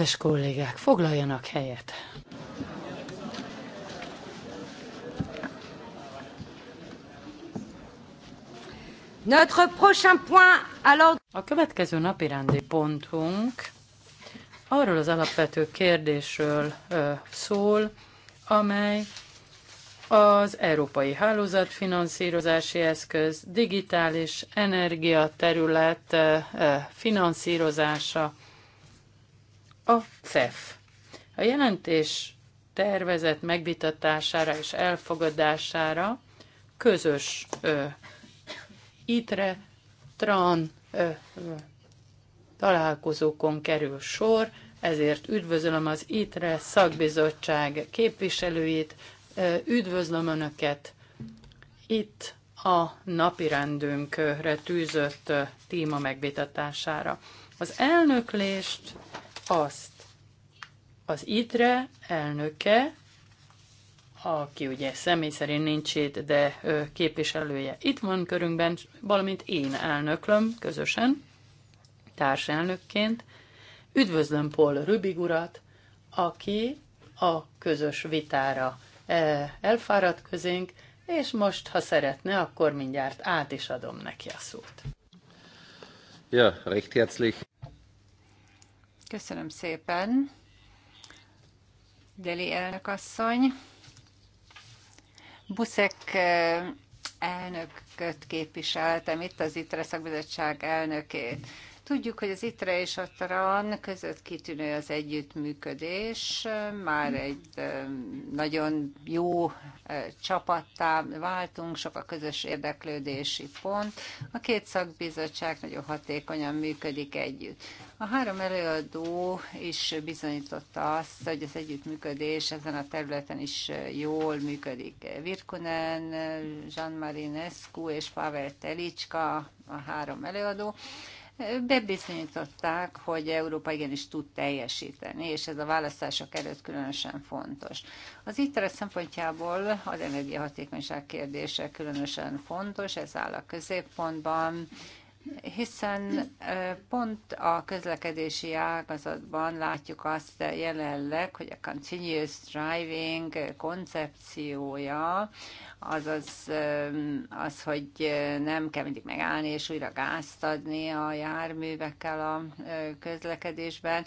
Kedves kollégák, foglaljanak helyet! Notre prochain point alors... A következő napirendi pontunk arról az alapvető kérdésről ö, szól, amely az Európai hálózat finanszírozási Eszköz, digitális energia terület finanszírozása a CEF A jelentés tervezet megvitatására és elfogadására közös ö, ITRE, TRAN ö, ö, találkozókon kerül sor, ezért üdvözlöm az ITRE szakbizottság képviselőit, üdvözlöm Önöket itt a rendünkre tűzött téma megvitatására. Az elnöklést azt az ITRE elnöke, aki ugye személy szerint nincs itt, de képviselője itt van körünkben, valamint én elnöklöm közösen, társelnökként. Üdvözlöm Paul Rübig urat, aki a közös vitára elfáradt közénk, és most, ha szeretne, akkor mindjárt át is adom neki a szót. Ja, recht herzlich. Köszönöm szépen. Deli elnök asszony. Buszek eh, elnököt képviseltem itt, az ITRE szakbizottság elnökét. Tudjuk, hogy az ITRE és a TRAN között kitűnő az együttműködés, már egy nagyon jó csapattá váltunk, sok a közös érdeklődési pont. A két szakbizottság nagyon hatékonyan működik együtt. A három előadó is bizonyította azt, hogy az együttműködés ezen a területen is jól működik. Virkunen, Jean-Marie Nescu és Pavel Telicska a három előadó bebizonyították, hogy Európa igenis tud teljesíteni, és ez a választások előtt különösen fontos. Az ITER szempontjából az energiahatékonyság kérdése különösen fontos, ez áll a középpontban, hiszen pont a közlekedési ágazatban látjuk azt jelenleg, hogy a continuous driving koncepciója az az, hogy nem kell mindig megállni és újra gázt adni a járművekkel a közlekedésben.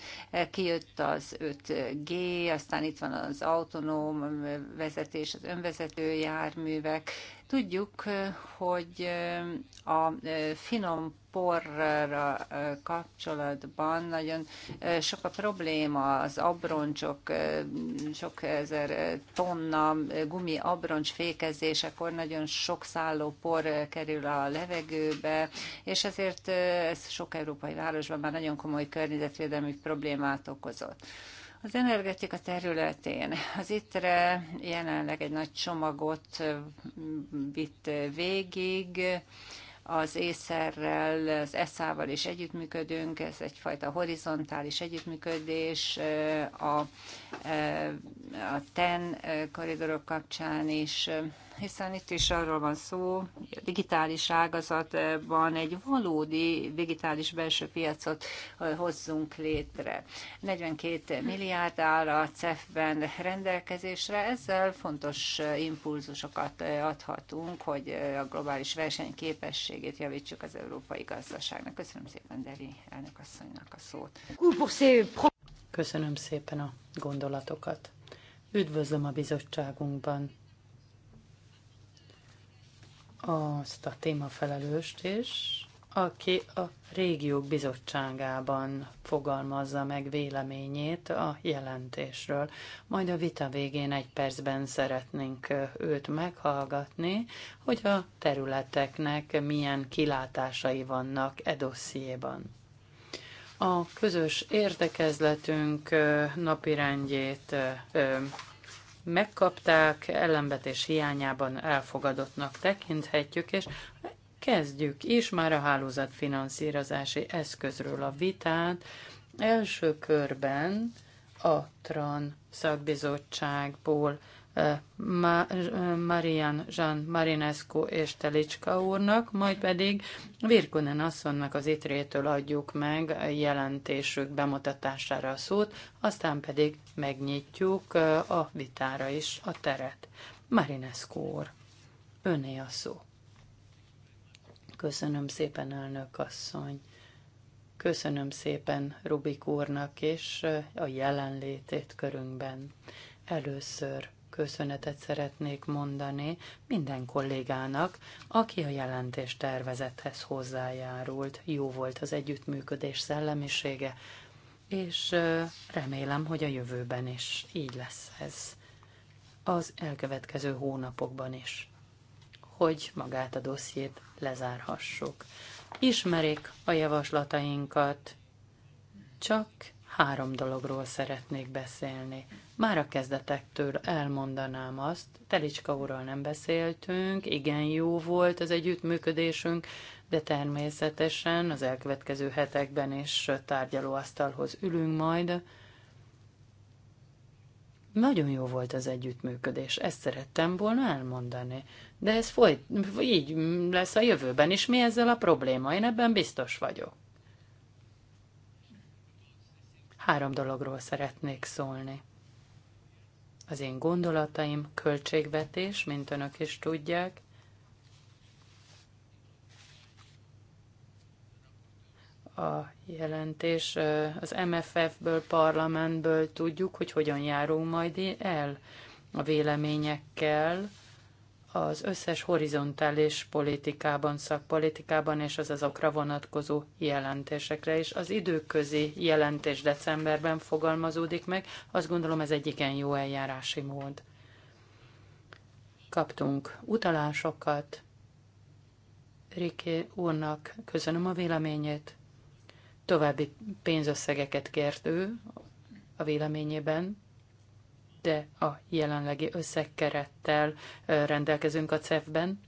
Kijött az 5G, aztán itt van az autonóm vezetés, az önvezető járművek. Tudjuk, hogy a finom porra kapcsolatban nagyon sok a probléma, az abroncsok, sok ezer tonna gumi abroncs fékezésekor nagyon sok szálló por kerül a levegőbe, és ezért ez sok európai városban már nagyon komoly környezetvédelmi problémát okozott. Az energetika területén az ittre jelenleg egy nagy csomagot vitt végig, az észerrel, az ESZÁ-val is együttműködünk, ez egyfajta horizontális együttműködés a, a TEN koridorok kapcsán is hiszen itt is arról van szó, a digitális ágazatban egy valódi digitális belső piacot hozzunk létre. 42 milliárd áll a CEF-ben rendelkezésre, ezzel fontos impulzusokat adhatunk, hogy a globális versenyképességét javítsuk az európai gazdaságnak. Köszönöm szépen Deli elnök asszonynak a szót. Köszönöm szépen a gondolatokat. Üdvözlöm a bizottságunkban azt a témafelelőst is, aki a régiók bizottságában fogalmazza meg véleményét a jelentésről. Majd a vita végén egy percben szeretnénk őt meghallgatni, hogy a területeknek milyen kilátásai vannak e dossziéban. A közös értekezletünk napirendjét megkapták, ellenvetés hiányában elfogadottnak tekinthetjük, és kezdjük is már a hálózatfinanszírozási eszközről a vitát. Első körben a TRAN szakbizottságból eh, eh, Marian Jean Marinescu és Telicska úrnak, majd pedig Virkunen asszonynak az itrétől adjuk meg a jelentésük bemutatására a szót, aztán pedig megnyitjuk eh, a vitára is a teret. Marinescu úr, öné a szó. Köszönöm szépen, elnök asszony. Köszönöm szépen Rubik úrnak és eh, a jelenlétét körünkben. Először köszönetet szeretnék mondani minden kollégának, aki a jelentés tervezethez hozzájárult. Jó volt az együttműködés szellemisége, és eh, remélem, hogy a jövőben is így lesz ez. Az elkövetkező hónapokban is, hogy magát a dossziét lezárhassuk ismerik a javaslatainkat. Csak három dologról szeretnék beszélni. Már a kezdetektől elmondanám azt, Telicska úrral nem beszéltünk, igen jó volt az együttműködésünk, de természetesen az elkövetkező hetekben is tárgyalóasztalhoz ülünk majd, nagyon jó volt az együttműködés, ezt szerettem volna elmondani. De ez folyt, így lesz a jövőben is. Mi ezzel a probléma? Én ebben biztos vagyok. Három dologról szeretnék szólni. Az én gondolataim, költségvetés, mint önök is tudják, a jelentés. Az MFF-ből, parlamentből tudjuk, hogy hogyan járunk majd el a véleményekkel az összes horizontális politikában, szakpolitikában és az azokra vonatkozó jelentésekre is. Az időközi jelentés decemberben fogalmazódik meg, azt gondolom ez egy igen jó eljárási mód. Kaptunk utalásokat, Riki úrnak köszönöm a véleményét, további pénzösszegeket kért ő a véleményében, de a jelenlegi összegkerettel rendelkezünk a CEF-ben.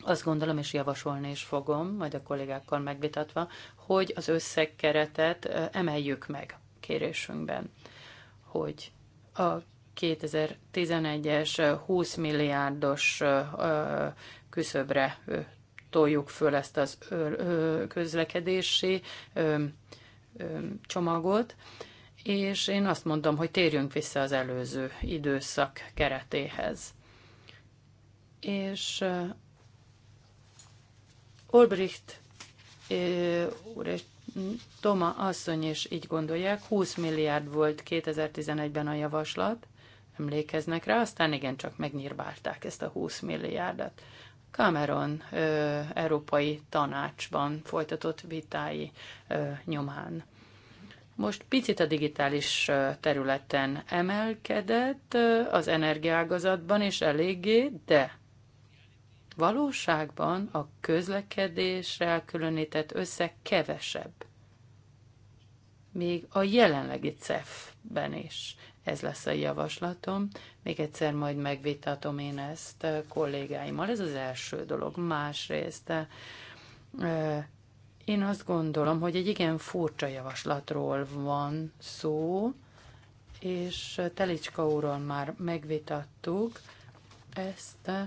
Azt gondolom, és javasolni is fogom, majd a kollégákkal megvitatva, hogy az összegkeretet emeljük meg kérésünkben, hogy a 2011-es 20 milliárdos küszöbre toljuk föl ezt az közlekedési csomagot, és én azt mondom, hogy térjünk vissza az előző időszak keretéhez. És Olbricht úr és Toma asszony is így gondolják, 20 milliárd volt 2011-ben a javaslat, emlékeznek rá, aztán igen, csak megnyírbálták ezt a 20 milliárdat. Cameron ö, Európai Tanácsban folytatott vitái ö, nyomán. Most picit a digitális területen emelkedett az energiágazatban is eléggé, de valóságban a közlekedésre elkülönített összeg kevesebb. Még a jelenlegi CEF-ben is. Ez lesz a javaslatom. Még egyszer majd megvitatom én ezt eh, kollégáimmal. Ez az első dolog. Másrészt eh, én azt gondolom, hogy egy igen furcsa javaslatról van szó, és eh, Telicska úrral már megvitattuk ezt,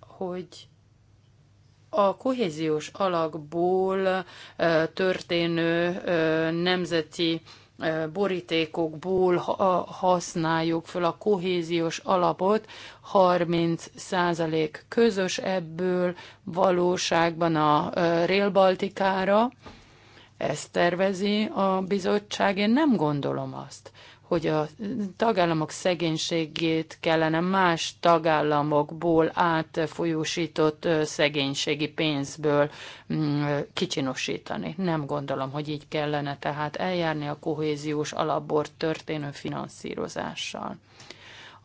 hogy a kohéziós alakból történő nemzeti borítékokból használjuk föl a kohéziós alapot, 30% közös ebből valóságban a Rail ezt tervezi a bizottság, én nem gondolom azt, hogy a tagállamok szegénységét kellene más tagállamokból átfolyósított szegénységi pénzből mm, kicsinosítani. Nem gondolom, hogy így kellene tehát eljárni a kohéziós alapból történő finanszírozással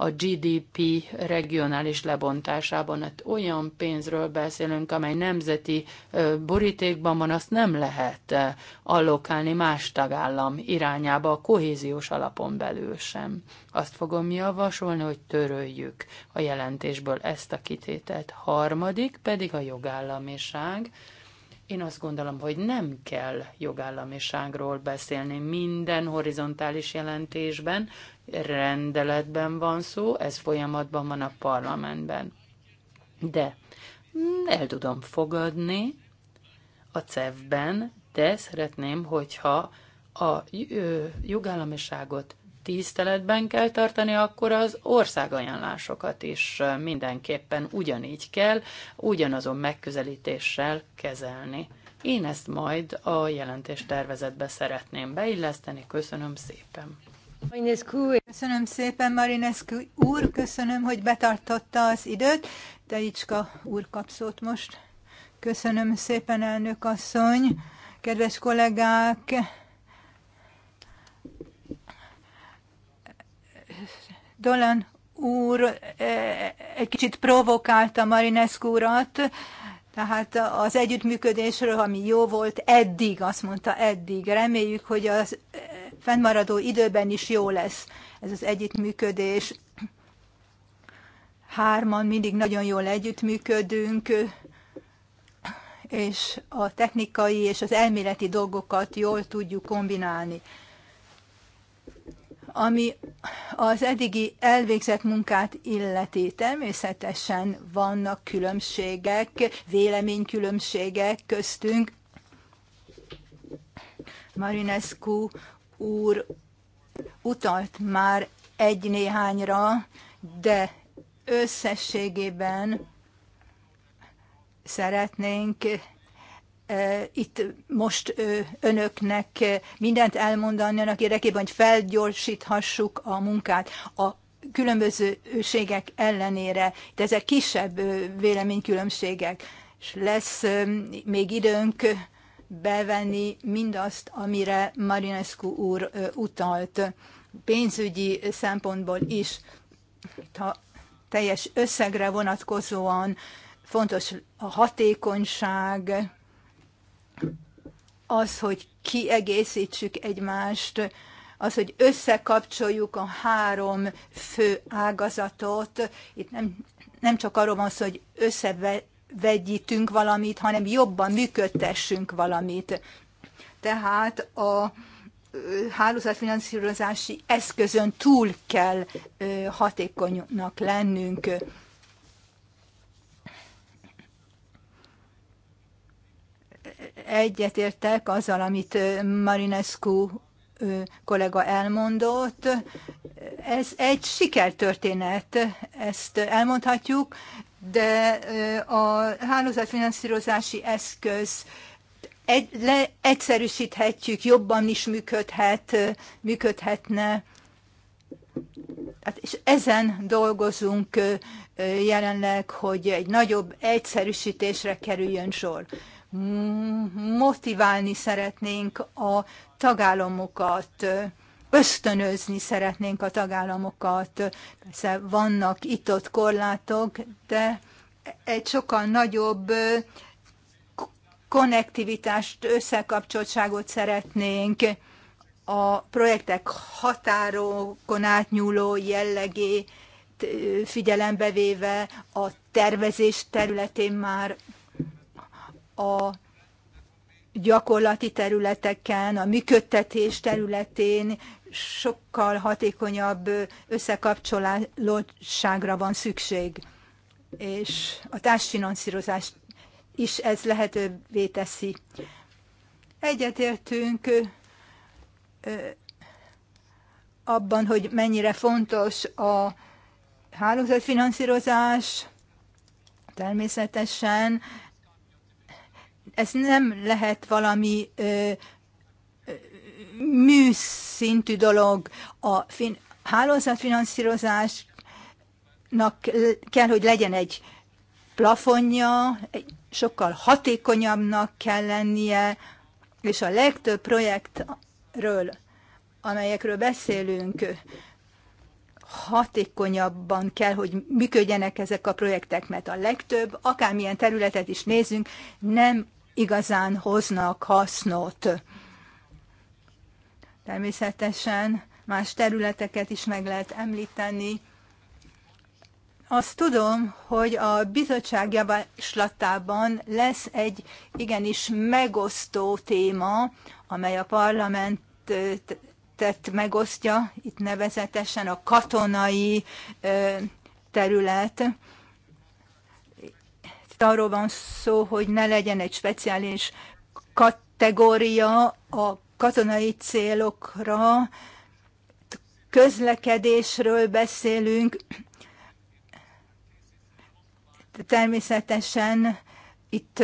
a GDP regionális lebontásában. Hát olyan pénzről beszélünk, amely nemzeti borítékban van, azt nem lehet allokálni más tagállam irányába a kohéziós alapon belül sem. Azt fogom javasolni, hogy töröljük a jelentésből ezt a kitételt. Harmadik pedig a jogállamiság. Én azt gondolom, hogy nem kell jogállamiságról beszélni minden horizontális jelentésben, rendeletben van szó, ez folyamatban van a parlamentben. De el tudom fogadni a CEV-ben, de szeretném, hogyha a jogállamiságot tiszteletben kell tartani, akkor az országajánlásokat is mindenképpen ugyanígy kell, ugyanazon megközelítéssel kezelni. Én ezt majd a jelentés szeretném beilleszteni. Köszönöm szépen! Köszönöm szépen, Marinescu úr, köszönöm, hogy betartotta az időt. Teicska úr kap szót most. Köszönöm szépen, elnök asszony, kedves kollégák. Dolan úr e, egy kicsit provokálta Marinescu urat, tehát az együttműködésről, ami jó volt eddig, azt mondta eddig. Reméljük, hogy az fennmaradó időben is jó lesz ez az együttműködés. Hárman mindig nagyon jól együttműködünk, és a technikai és az elméleti dolgokat jól tudjuk kombinálni. Ami az eddigi elvégzett munkát illeti, természetesen vannak különbségek, véleménykülönbségek köztünk. Marinescu úr utalt már egy néhányra, de összességében szeretnénk itt most önöknek mindent elmondani annak érdekében, hogy felgyorsíthassuk a munkát a különbözőségek ellenére. De ezek kisebb véleménykülönbségek, és lesz még időnk bevenni mindazt, amire Marinescu úr utalt pénzügyi szempontból is. ha teljes összegre vonatkozóan fontos a hatékonyság, az, hogy kiegészítsük egymást, az, hogy összekapcsoljuk a három fő ágazatot. Itt nem, nem csak arról van szó, hogy összeve, vegyítünk valamit, hanem jobban működtessünk valamit. Tehát a hálózatfinanszírozási eszközön túl kell hatékonynak lennünk. Egyetértek azzal, amit Marinescu kollega elmondott. Ez egy sikertörténet, ezt elmondhatjuk de a hálózatfinanszírozási eszköz egy, le, egyszerűsíthetjük, jobban is működhet, működhetne. Hát, és ezen dolgozunk jelenleg, hogy egy nagyobb egyszerűsítésre kerüljön sor. Motiválni szeretnénk a tagállamokat ösztönözni szeretnénk a tagállamokat. Persze vannak itt-ott korlátok, de egy sokkal nagyobb konnektivitást, összekapcsoltságot szeretnénk, a projektek határokon átnyúló jellegét figyelembe véve a tervezés területén már a gyakorlati területeken, a működtetés területén sokkal hatékonyabb összekapcsolódásra van szükség, és a társfinanszírozás is ez lehetővé teszi. Egyetértünk abban, hogy mennyire fontos a hálózatfinanszírozás, természetesen ez nem lehet valami ö, műszintű dolog. A fin- hálózatfinanszírozásnak kell, hogy legyen egy plafonja, egy sokkal hatékonyabbnak kell lennie, és a legtöbb projektről, amelyekről beszélünk, hatékonyabban kell, hogy működjenek ezek a projektek, mert a legtöbb, akármilyen területet is nézünk, nem igazán hoznak hasznot. Természetesen más területeket is meg lehet említeni. Azt tudom, hogy a bizottság javaslatában lesz egy igenis megosztó téma, amely a parlamentet megosztja, itt nevezetesen a katonai terület. Itt arról van szó, hogy ne legyen egy speciális kategória a katonai célokra, közlekedésről beszélünk. Természetesen itt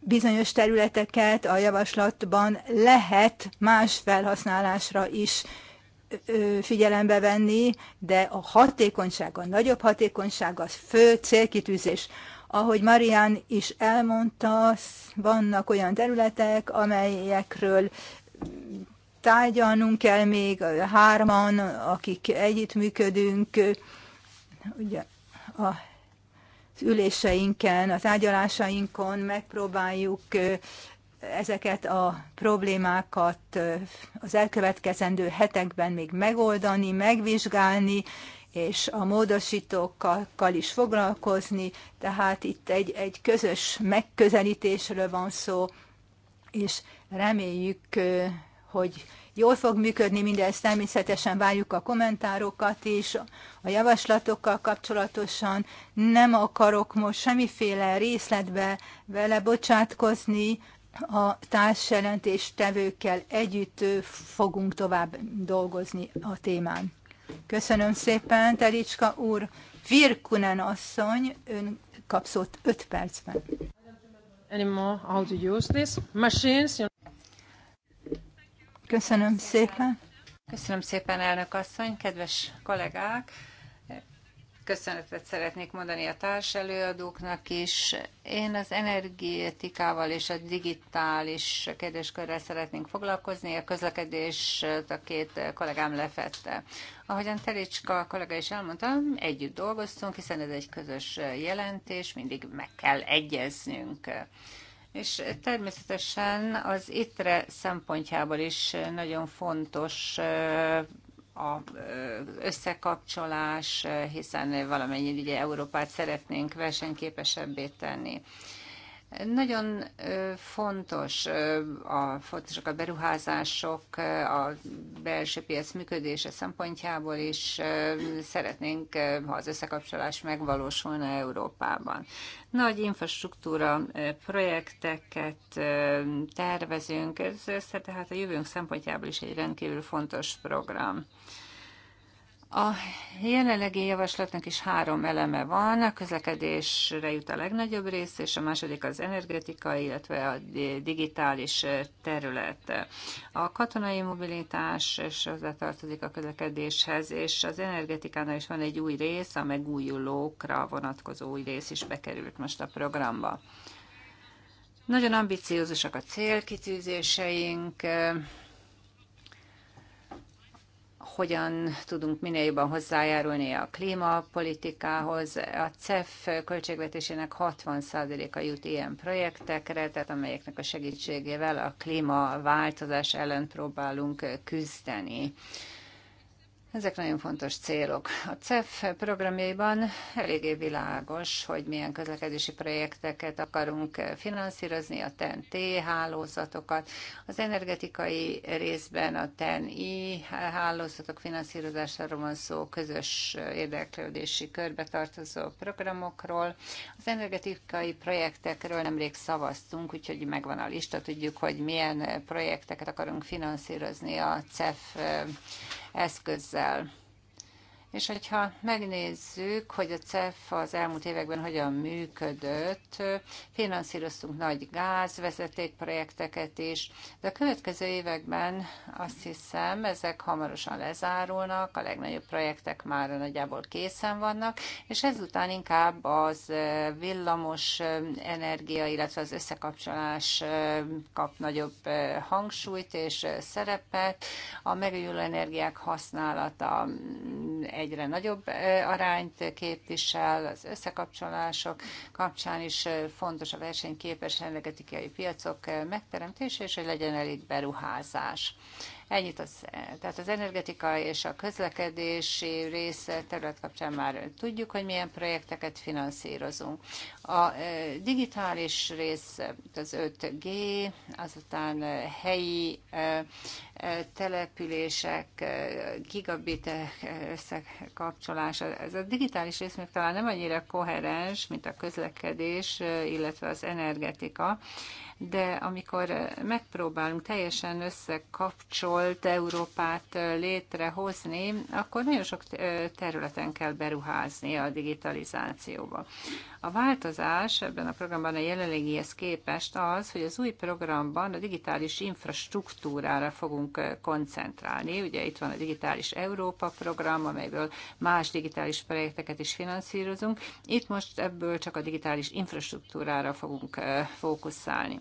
bizonyos területeket a javaslatban lehet más felhasználásra is figyelembe venni, de a hatékonyság, a nagyobb hatékonyság az fő célkitűzés. Ahogy Marian is elmondta, vannak olyan területek, amelyekről tárgyalnunk kell még hárman, akik együttműködünk, ugye a az üléseinken, az ágyalásainkon megpróbáljuk ezeket a problémákat az elkövetkezendő hetekben még megoldani, megvizsgálni, és a módosítókkal is foglalkozni, tehát itt egy, egy közös megközelítésről van szó, és reméljük, hogy jól fog működni mindez. Természetesen várjuk a kommentárokat is, a javaslatokkal kapcsolatosan. Nem akarok most semmiféle részletbe vele bocsátkozni, a társjelentéstevőkkel együtt fogunk tovább dolgozni a témán. Köszönöm szépen, Telicska úr. Virkunen asszony, ön kapszott 5 percben. how to use this machines. Köszönöm szépen. Köszönöm szépen, elnök asszony, kedves kollégák! köszönetet szeretnék mondani a társelőadóknak is. Én az energetikával és a digitális kérdéskörrel szeretnénk foglalkozni, a közlekedés a két kollégám lefette. Ahogyan Telicska kollega is elmondta, együtt dolgoztunk, hiszen ez egy közös jelentés, mindig meg kell egyeznünk. És természetesen az ITRE szempontjából is nagyon fontos a összekapcsolás, hiszen valamennyi ugye Európát szeretnénk versenyképesebbé tenni. Nagyon fontos a fontosak a beruházások, a belső piac működése szempontjából is szeretnénk, ha az összekapcsolás megvalósulna Európában. Nagy infrastruktúra projekteket tervezünk, ez tehát a jövőnk szempontjából is egy rendkívül fontos program. A jelenlegi javaslatnak is három eleme van, a közlekedésre jut a legnagyobb rész, és a második az energetika, illetve a digitális terület. A katonai mobilitás és hozzá tartozik a közlekedéshez, és az energetikánál is van egy új rész, a megújulókra vonatkozó új rész is bekerült most a programba. Nagyon ambiciózusak a célkitűzéseink, hogyan tudunk minél jobban hozzájárulni a klímapolitikához. A CEF költségvetésének 60%-a jut ilyen projektekre, tehát amelyeknek a segítségével a klímaváltozás ellen próbálunk küzdeni. Ezek nagyon fontos célok. A CEF programjaiban eléggé világos, hogy milyen közlekedési projekteket akarunk finanszírozni, a TEN-T e hálózatokat, az energetikai részben a TEN-I hálózatok finanszírozásáról van szó, közös érdeklődési körbe tartozó programokról. Az energetikai projektekről nemrég szavaztunk, úgyhogy megvan a lista, tudjuk, hogy milyen projekteket akarunk finanszírozni a CEF eszközzel. És hogyha megnézzük, hogy a CEF az elmúlt években hogyan működött, finanszíroztunk nagy gázvezetékprojekteket is, de a következő években azt hiszem, ezek hamarosan lezárulnak, a legnagyobb projektek már nagyjából készen vannak, és ezután inkább az eh, villamos eh, energia, illetve az összekapcsolás eh, kap nagyobb hangsúlyt és szerepet, a megújuló energiák használata mm, egyre nagyobb arányt képvisel, az összekapcsolások kapcsán is fontos a versenyképes energetikai piacok megteremtése, és hogy legyen elég beruházás. Ennyit az, tehát az energetika és a közlekedési rész terület kapcsán már tudjuk, hogy milyen projekteket finanszírozunk. A e, digitális rész, az 5G, azután helyi e, e, települések, gigabit összekapcsolása, Ez a digitális rész még talán nem annyira koherens, mint a közlekedés, illetve az energetika de amikor megpróbálunk teljesen összekapcsolt Európát létrehozni, akkor nagyon sok területen kell beruházni a digitalizációba. A változás ebben a programban a jelenlegihez képest az, hogy az új programban a digitális infrastruktúrára fogunk koncentrálni. Ugye itt van a Digitális Európa program, amelyből más digitális projekteket is finanszírozunk. Itt most ebből csak a digitális infrastruktúrára fogunk fókuszálni.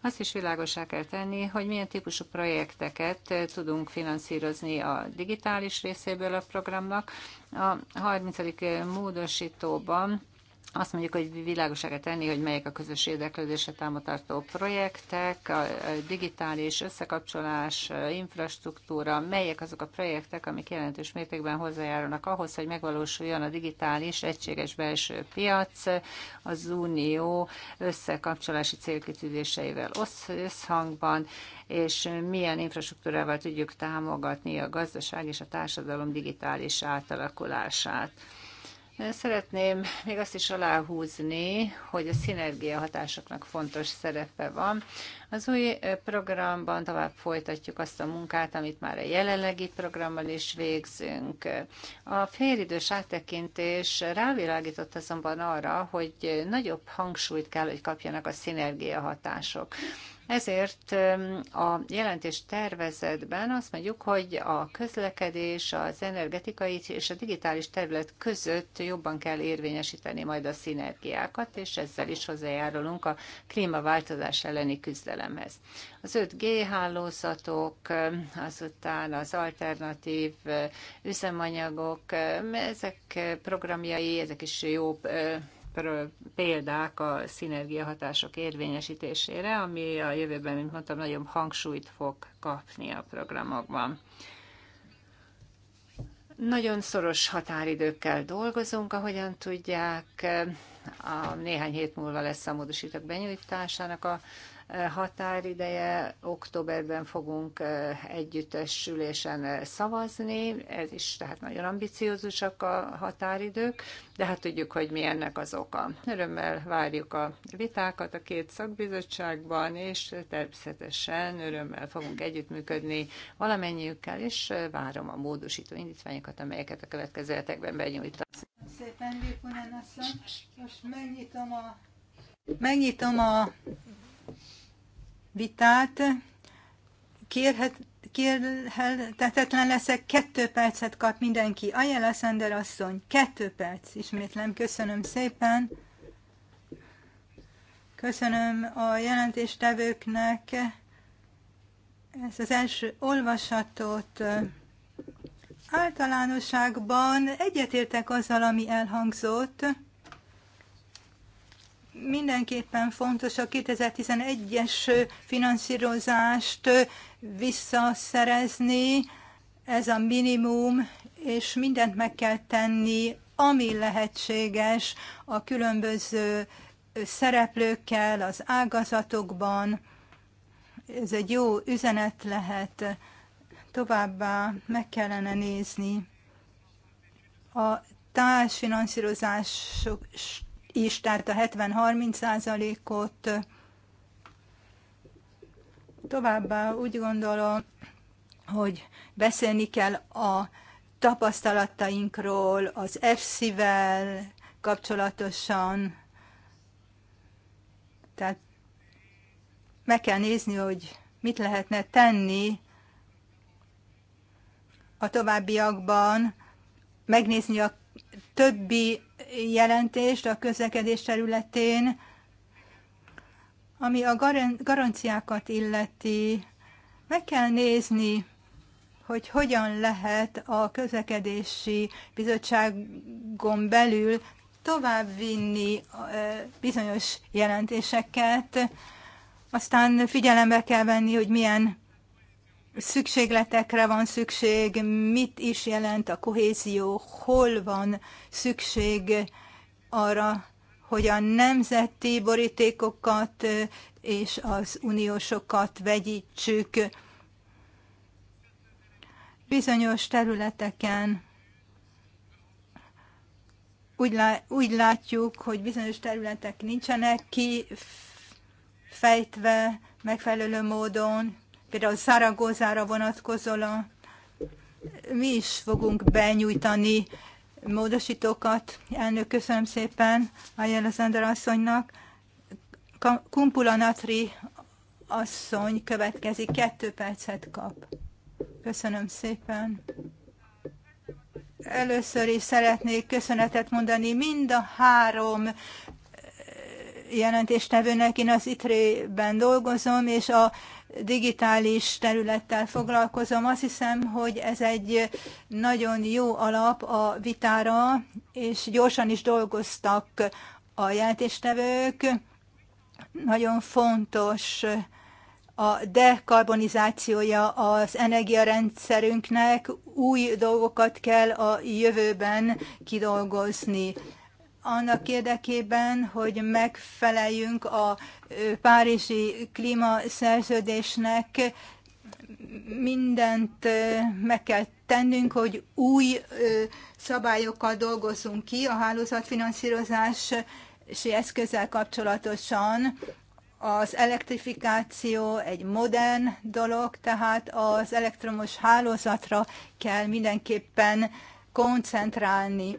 Azt is világosá kell tenni, hogy milyen típusú projekteket tudunk finanszírozni a digitális részéből a programnak. A 30. módosítóban azt mondjuk, hogy világosága tenni, hogy melyek a közös érdeklődésre támogató projektek, a digitális összekapcsolás, infrastruktúra, melyek azok a projektek, amik jelentős mértékben hozzájárulnak ahhoz, hogy megvalósuljon a digitális egységes belső piac az unió összekapcsolási célkitűzéseivel összhangban, és milyen infrastruktúrával tudjuk támogatni a gazdaság és a társadalom digitális átalakulását. Szeretném még azt is aláhúzni, hogy a szinergia hatásoknak fontos szerepe van. Az új programban tovább folytatjuk azt a munkát, amit már a jelenlegi programmal is végzünk. A félidős áttekintés rávilágított azonban arra, hogy nagyobb hangsúlyt kell, hogy kapjanak a szinergia hatások. Ezért a jelentés tervezetben azt mondjuk, hogy a közlekedés, az energetikai és a digitális terület között jobban kell érvényesíteni majd a szinergiákat, és ezzel is hozzájárulunk a klímaváltozás elleni küzdelemhez. Az 5G hálózatok, azután az alternatív üzemanyagok, ezek programjai, ezek is jobb példák a szinergia hatások érvényesítésére, ami a jövőben, mint mondtam, nagyobb hangsúlyt fog kapni a programokban. Nagyon szoros határidőkkel dolgozunk, ahogyan tudják. A néhány hét múlva lesz a módosítók benyújtásának a határideje. Októberben fogunk együttes szavazni, ez is tehát nagyon ambiciózusak a határidők, de hát tudjuk, hogy mi ennek az oka. Örömmel várjuk a vitákat a két szakbizottságban, és természetesen örömmel fogunk együttműködni valamennyiükkel, és várom a módosító indítványokat, amelyeket a következő hetekben benyújtanak. Szépen, Vikunen asszony, most megnyitom a, megnyitom a vitát. Kérhet, kérhetetlen leszek, kettő percet kap mindenki. Ajánl Szender asszony, kettő perc, ismétlem, köszönöm szépen. Köszönöm a jelentéstevőknek ezt az első olvasatot. Általánosságban egyetértek azzal, ami elhangzott mindenképpen fontos a 2011-es finanszírozást visszaszerezni, ez a minimum, és mindent meg kell tenni, ami lehetséges a különböző szereplőkkel, az ágazatokban. Ez egy jó üzenet lehet. Továbbá meg kellene nézni a társfinanszírozások is, tehát a 70-30 százalékot. Továbbá úgy gondolom, hogy beszélni kell a tapasztalatainkról, az FC-vel kapcsolatosan, tehát meg kell nézni, hogy mit lehetne tenni a továbbiakban, megnézni a többi jelentést a közlekedés területén, ami a garanciákat illeti. Meg kell nézni, hogy hogyan lehet a közlekedési bizottságon belül tovább vinni bizonyos jelentéseket, aztán figyelembe kell venni, hogy milyen szükségletekre van szükség, mit is jelent a kohézió, hol van szükség arra, hogy a nemzeti borítékokat és az uniósokat vegyítsük bizonyos területeken. Úgy, lá- úgy látjuk, hogy bizonyos területek nincsenek kifejtve megfelelő módon, például Száragózára vonatkozóan mi is fogunk benyújtani módosítókat. Elnök, köszönöm szépen a Jelezender asszonynak. Kumpula Natri asszony következik, kettő percet kap. Köszönöm szépen. Először is szeretnék köszönetet mondani mind a három eh, jelentéstevőnek. Én az ITRE-ben dolgozom, és a digitális területtel foglalkozom. Azt hiszem, hogy ez egy nagyon jó alap a vitára, és gyorsan is dolgoztak a jelentéstevők. Nagyon fontos a dekarbonizációja az energiarendszerünknek, új dolgokat kell a jövőben kidolgozni annak érdekében, hogy megfeleljünk a Párizsi klímaszerződésnek, mindent meg kell tennünk, hogy új szabályokkal dolgozunk ki a hálózatfinanszírozási eszközzel kapcsolatosan. Az elektrifikáció egy modern dolog, tehát az elektromos hálózatra kell mindenképpen koncentrálni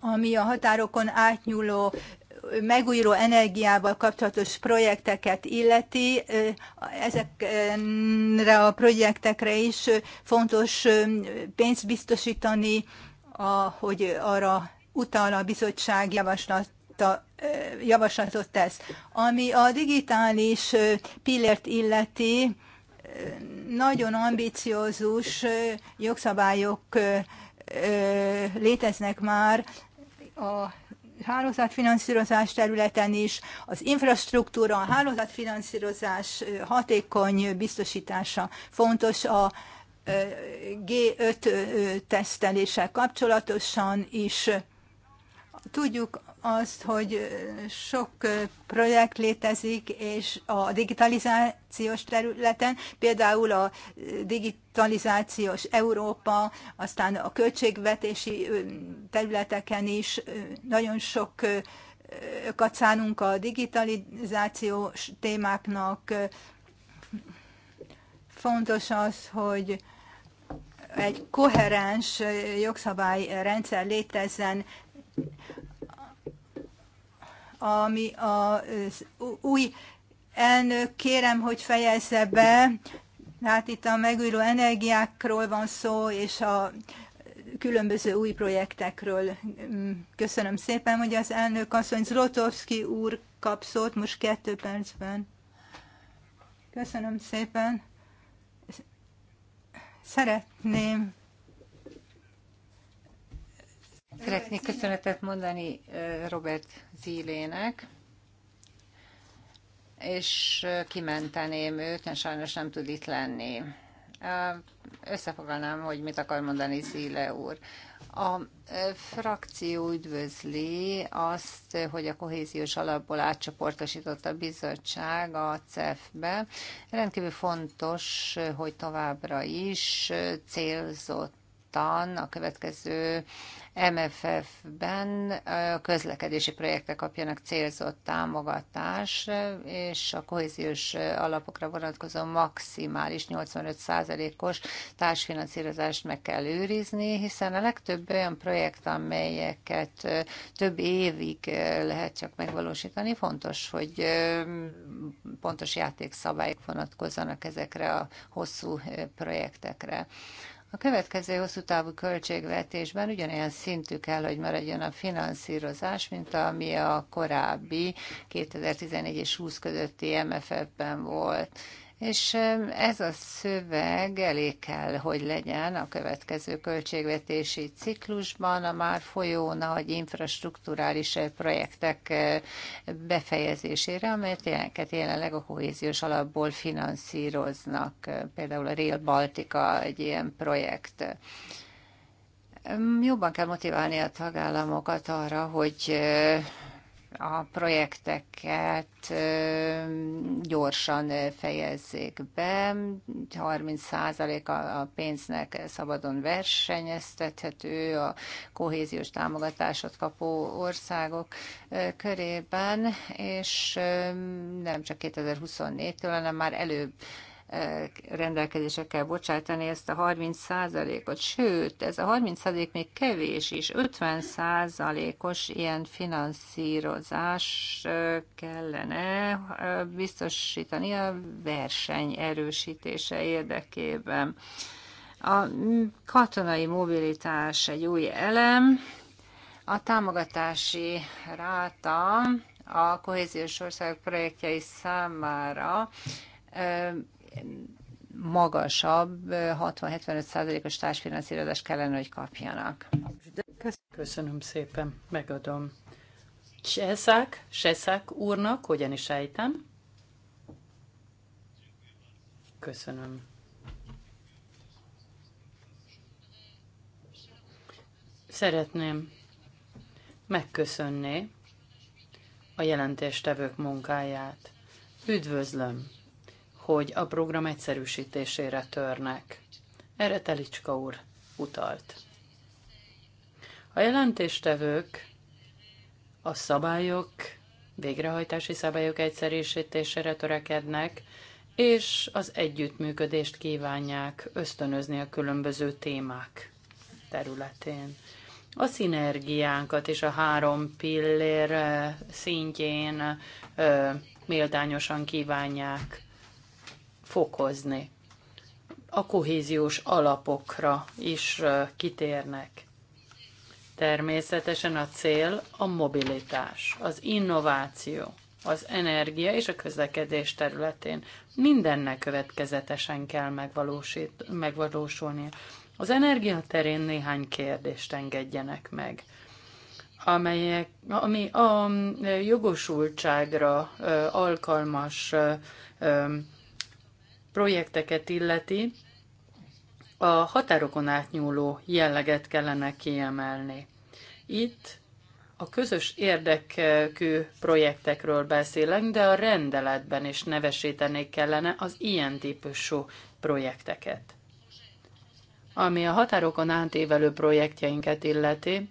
ami a határokon átnyúló megújuló energiával kapcsolatos projekteket illeti, ezekre a projektekre is fontos pénzt biztosítani, hogy arra utal a bizottság javaslata, javaslatot tesz. Ami a digitális pillért illeti, nagyon ambiciózus jogszabályok léteznek már a hálózatfinanszírozás területen is, az infrastruktúra, a hálózatfinanszírozás hatékony biztosítása fontos a G5 tesztelése kapcsolatosan is. Tudjuk azt, hogy sok projekt létezik, és a digitalizációs területen, például a digitalizációs Európa, aztán a költségvetési területeken is nagyon sok kacánunk a digitalizációs témáknak. Fontos az, hogy egy koherens jogszabályrendszer létezzen ami a új elnök kérem, hogy fejezze be. Hát itt a megújuló energiákról van szó, és a különböző új projektekről. Köszönöm szépen, hogy az elnök asszony Zlotowski úr kap szót most kettő percben. Köszönöm szépen. Szeretném Szeretnék köszönetet mondani Robert Zílének, és kimenteném őt, mert sajnos nem tud itt lenni. Összefoglalnám, hogy mit akar mondani Zíle úr. A frakció üdvözli azt, hogy a kohéziós alapból átcsoportosított a bizottság a CEF-be. Rendkívül fontos, hogy továbbra is célzott a következő MFF-ben a közlekedési projektek kapjanak célzott támogatás, és a kohéziós alapokra vonatkozó maximális 85%-os társfinanszírozást meg kell őrizni, hiszen a legtöbb olyan projekt, amelyeket több évig lehet csak megvalósítani, fontos, hogy pontos játékszabályok vonatkozzanak ezekre a hosszú projektekre. A következő hosszú távú költségvetésben ugyanolyan szintű kell, hogy maradjon a finanszírozás, mint ami a korábbi 2014 és 20 közötti MFF-ben volt és ez a szöveg elég kell, hogy legyen a következő költségvetési ciklusban a már folyó nagy infrastruktúrális projektek befejezésére, amelyeket jelenleg a kohéziós alapból finanszíroznak, például a Rail Baltica egy ilyen projekt jobban kell motiválni a tagállamokat arra, hogy a projekteket gyorsan fejezzék be, 30% a pénznek szabadon versenyeztethető a kohéziós támogatásot kapó országok körében, és nem csak 2024-től, hanem már előbb rendelkezésre kell bocsátani ezt a 30%-ot. Sőt, ez a 30% még kevés is, 50%-os ilyen finanszírozás kellene biztosítani a verseny erősítése érdekében. A katonai mobilitás egy új elem, a támogatási ráta a kohéziós országok projektjei számára magasabb, 60-75%-os társfinanszírozást kellene, hogy kapjanak. Köszönöm szépen, megadom. Cseszák, Cseszák úrnak, hogyan is ejtem? Köszönöm. Szeretném megköszönni a jelentéstevők munkáját. Üdvözlöm hogy a program egyszerűsítésére törnek. Erre Telicska úr utalt. A jelentéstevők a szabályok, végrehajtási szabályok egyszerűsítésére törekednek, és az együttműködést kívánják ösztönözni a különböző témák területén. A szinergiánkat és a három pillér szintjén méltányosan kívánják fokozni. A kohéziós alapokra is kitérnek. Természetesen a cél a mobilitás, az innováció, az energia és a közlekedés területén. Mindennek következetesen kell megvalósít, megvalósulnia. Az energia terén néhány kérdést engedjenek meg, amelyek, ami a jogosultságra alkalmas projekteket illeti, a határokon átnyúló jelleget kellene kiemelni. Itt a közös érdekű projektekről beszélek, de a rendeletben is nevesíteni kellene az ilyen típusú projekteket. Ami a határokon átévelő projektjeinket illeti,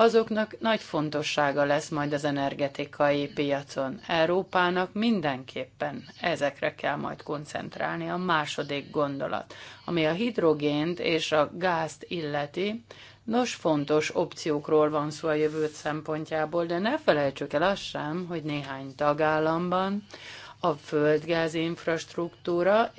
azoknak nagy fontossága lesz majd az energetikai piacon. Európának mindenképpen ezekre kell majd koncentrálni. A második gondolat, ami a hidrogént és a gázt illeti, Nos, fontos opciókról van szó a jövőt szempontjából, de ne felejtsük el azt sem, hogy néhány tagállamban a földgáz infrastruktúra,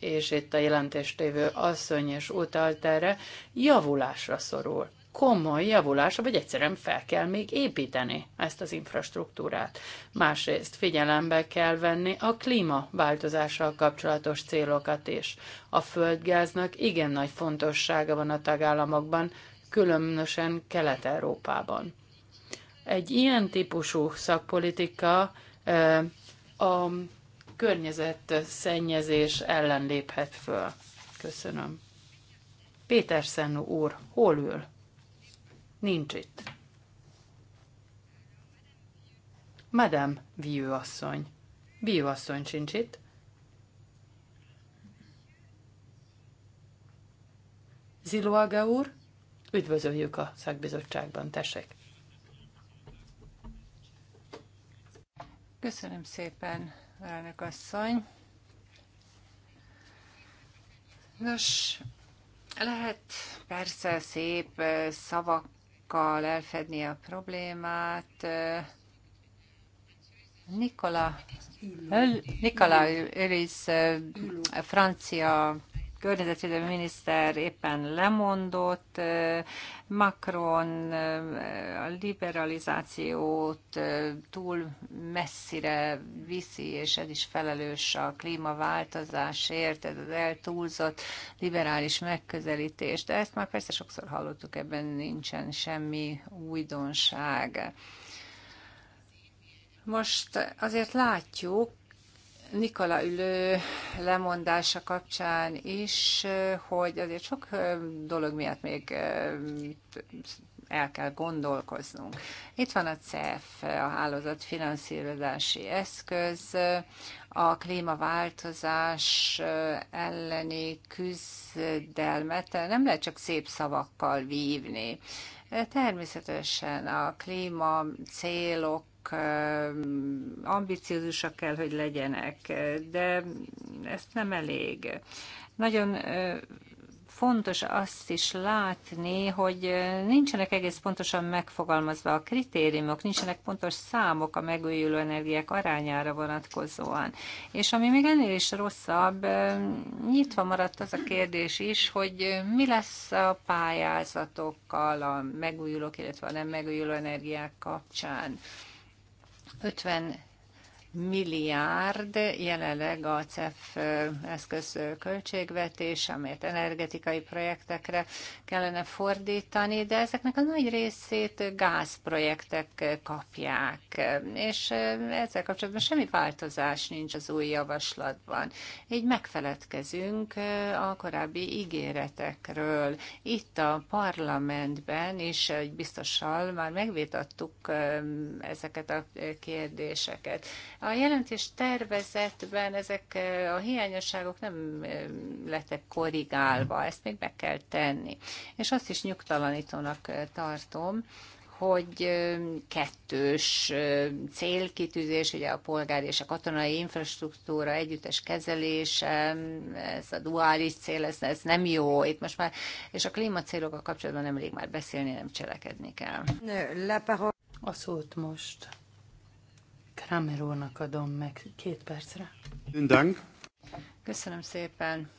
és itt a jelentéstévő asszony is utalt erre, javulásra szorul komoly javulása, vagy egyszerűen fel kell még építeni ezt az infrastruktúrát. Másrészt figyelembe kell venni a klímaváltozással kapcsolatos célokat is. A földgáznak igen nagy fontossága van a tagállamokban, különösen Kelet-Európában. Egy ilyen típusú szakpolitika a környezet szennyezés ellen léphet föl. Köszönöm. Péter Péterszen úr, hol ül? Nincs itt. Madame Vieux asszony. Vieux asszony sincs itt. Ziloaga úr, üdvözöljük a szakbizottságban, tessék. Köszönöm szépen, elnök asszony. Nos, lehet persze szép eh, szavak célokkal elfedni a problémát. Nikola, Nikola Ölis, francia környezetvédelmi miniszter éppen lemondott, Macron a liberalizációt túl messzire viszi, és ez is felelős a klímaváltozásért, ez az eltúlzott liberális megközelítés. De ezt már persze sokszor hallottuk, ebben nincsen semmi újdonság. Most azért látjuk, Nikola Ülő lemondása kapcsán is, hogy azért sok dolog miatt még el kell gondolkoznunk. Itt van a CEF, a hálózat finanszírozási eszköz, a klímaváltozás elleni küzdelmet nem lehet csak szép szavakkal vívni. Természetesen a klíma célok ambiciózusak kell, hogy legyenek, de ez nem elég. Nagyon fontos azt is látni, hogy nincsenek egész pontosan megfogalmazva a kritériumok, nincsenek pontos számok a megújuló energiák arányára vonatkozóan. És ami még ennél is rosszabb, nyitva maradt az a kérdés is, hogy mi lesz a pályázatokkal, a megújulók, illetve a nem megújuló energiák kapcsán. 50 milliárd jelenleg a CEF eszköz költségvetés, amelyet energetikai projektekre kellene fordítani, de ezeknek a nagy részét gázprojektek kapják, és ezzel kapcsolatban semmi változás nincs az új javaslatban. Így megfeledkezünk a korábbi ígéretekről. Itt a parlamentben is egy biztossal már megvitattuk ezeket a kérdéseket. A jelentés tervezetben ezek e, a hiányosságok nem e, lettek korrigálva, ezt még be kell tenni. És azt is nyugtalanítónak e, tartom, hogy kettős célkitűzés, ugye a polgári és a katonai infrastruktúra együttes kezelése, ez a duális cél, ez, ez nem jó, itt most már, és a klímacélokkal kapcsolatban nem elég már beszélni, nem cselekedni kell. A szót most Kramer úrnak adom meg két percre. Köszönöm szépen.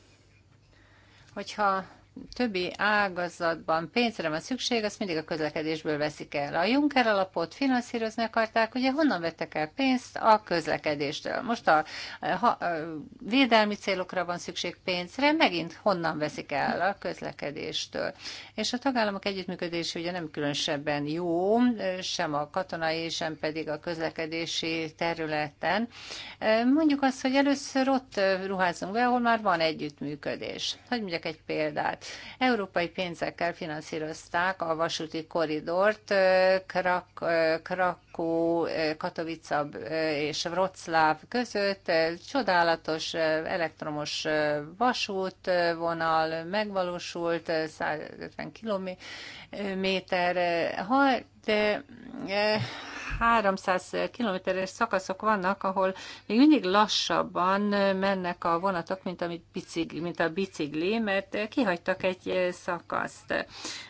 Hogyha többi ágazatban pénzre van szükség, azt mindig a közlekedésből veszik el. A Juncker alapot finanszírozni akarták, ugye honnan vettek el pénzt? A közlekedéstől. Most a, ha, a védelmi célokra van szükség pénzre, megint honnan veszik el a közlekedéstől. És a tagállamok együttműködése ugye nem különösebben jó, sem a katonai, sem pedig a közlekedési területen. Mondjuk azt, hogy először ott ruházunk be, ahol már van együttműködés. Hogy mondjak egy példát? Európai pénzekkel finanszírozták a vasúti koridort, Krak, Krakó, Katowice és Wroclaw között. Csodálatos elektromos vasútvonal megvalósult, 150 kilométer. Ha, de, 300 kilométeres szakaszok vannak, ahol még mindig lassabban mennek a vonatok, mint, amit bicikli, mint a bicikli, mert kihagytak egy szakaszt.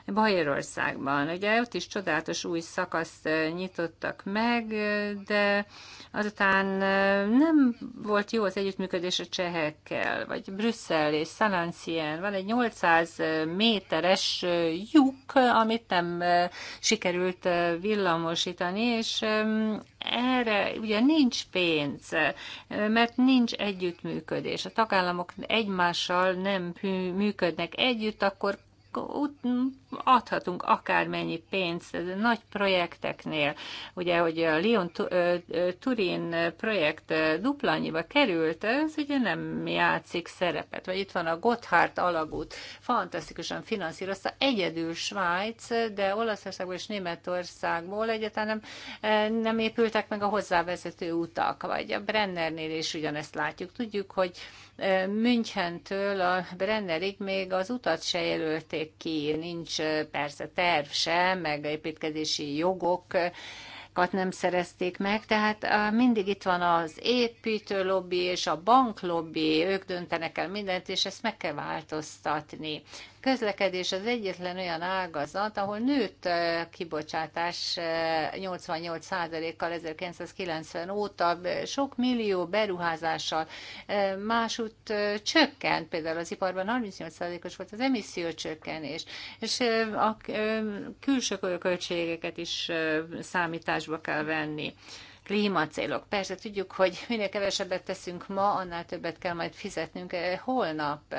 Bajorországban, ugye ott is csodálatos új szakaszt nyitottak meg, de azután nem volt jó az együttműködés a csehekkel, vagy Brüsszel és Szalancien. Van egy 800 méteres lyuk, amit nem sikerült villamosítani, és és erre ugye nincs pénz, mert nincs együttműködés. A tagállamok egymással nem működnek együtt, akkor adhatunk akármennyi pénzt ez nagy projekteknél. Ugye, hogy a Lyon-Turin projekt dupla annyiba került, ez ugye nem játszik szerepet. Vagy itt van a Gotthard alagút, fantasztikusan finanszírozta egyedül Svájc, de Olaszországból és Németországból egyáltalán nem, nem épültek meg a hozzávezető utak, vagy a Brennernél is ugyanezt látjuk. Tudjuk, hogy Münchentől a Brennerig még az utat se jelölték ki, nincs persze terv se, meg építkezési jogok, nem szerezték meg, tehát mindig itt van az építő lobby és a bank lobby, ők döntenek el mindent, és ezt meg kell változtatni közlekedés az egyetlen olyan ágazat, ahol nőtt kibocsátás 88%-kal 1990 óta, sok millió beruházással. Másút csökkent, például az iparban 38%-os volt az emisszió csökkenés, és a külső költségeket is számításba kell venni klímacélok. Persze tudjuk, hogy minél kevesebbet teszünk ma, annál többet kell majd fizetnünk eh, holnap.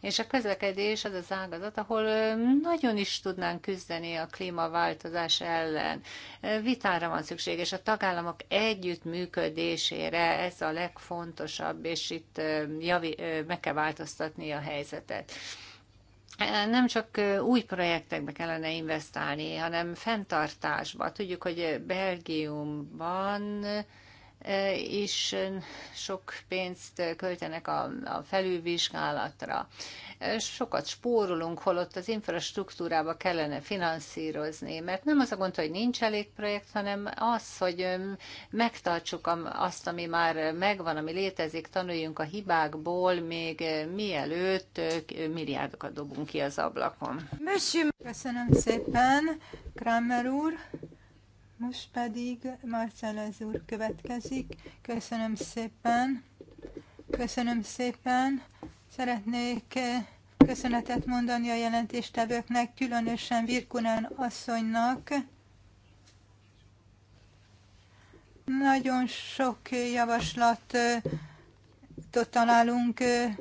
És a közlekedés az az ágazat, ahol eh, nagyon is tudnánk küzdeni a klímaváltozás ellen. Eh, vitára van szükség, és a tagállamok együttműködésére ez a legfontosabb, és itt javi, meg kell változtatni a helyzetet nem csak új projektekbe kellene investálni, hanem fenntartásba. Tudjuk, hogy Belgiumban is sok pénzt költenek a, a felülvizsgálatra. Sokat spórolunk, holott az infrastruktúrába kellene finanszírozni, mert nem az a gond, hogy nincs elég projekt, hanem az, hogy megtartsuk azt, ami már megvan, ami létezik, tanuljunk a hibákból, még mielőtt milliárdokat dobunk ki az ablakon. Köszönöm szépen, Kramer úr! Most pedig Marcellez úr következik. Köszönöm szépen. Köszönöm szépen. Szeretnék eh, köszönetet mondani a jelentéstevőknek, különösen Virkunán asszonynak. Nagyon sok javaslatot találunk eh,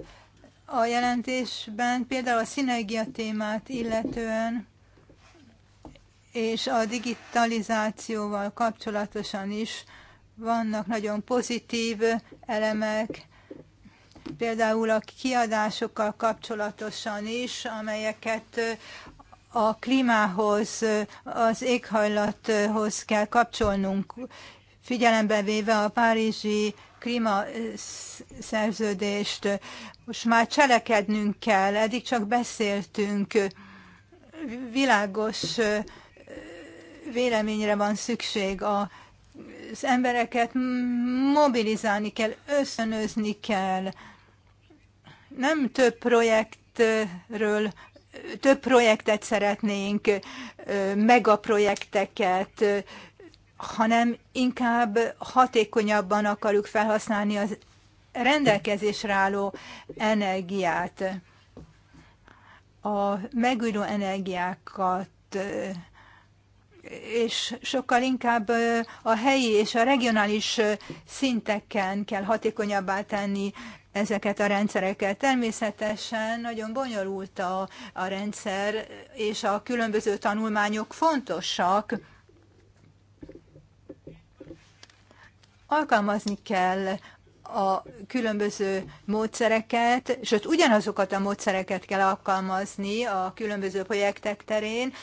a jelentésben, például a szinergia témát illetően és a digitalizációval kapcsolatosan is vannak nagyon pozitív elemek, például a kiadásokkal kapcsolatosan is, amelyeket a klímához, az éghajlathoz kell kapcsolnunk, figyelembe véve a párizsi klímaszerződést. Most már cselekednünk kell, eddig csak beszéltünk, világos véleményre van szükség, a, az embereket mobilizálni kell, összönözni kell. Nem több projektről, több projektet szeretnénk, megaprojekteket, hanem inkább hatékonyabban akarjuk felhasználni az rendelkezésre álló energiát, a megújuló energiákat és sokkal inkább a helyi és a regionális szinteken kell hatékonyabbá tenni ezeket a rendszereket. Természetesen nagyon bonyolult a, a rendszer, és a különböző tanulmányok fontosak. Alkalmazni kell a különböző módszereket, sőt ugyanazokat a módszereket kell alkalmazni a különböző projektek terén.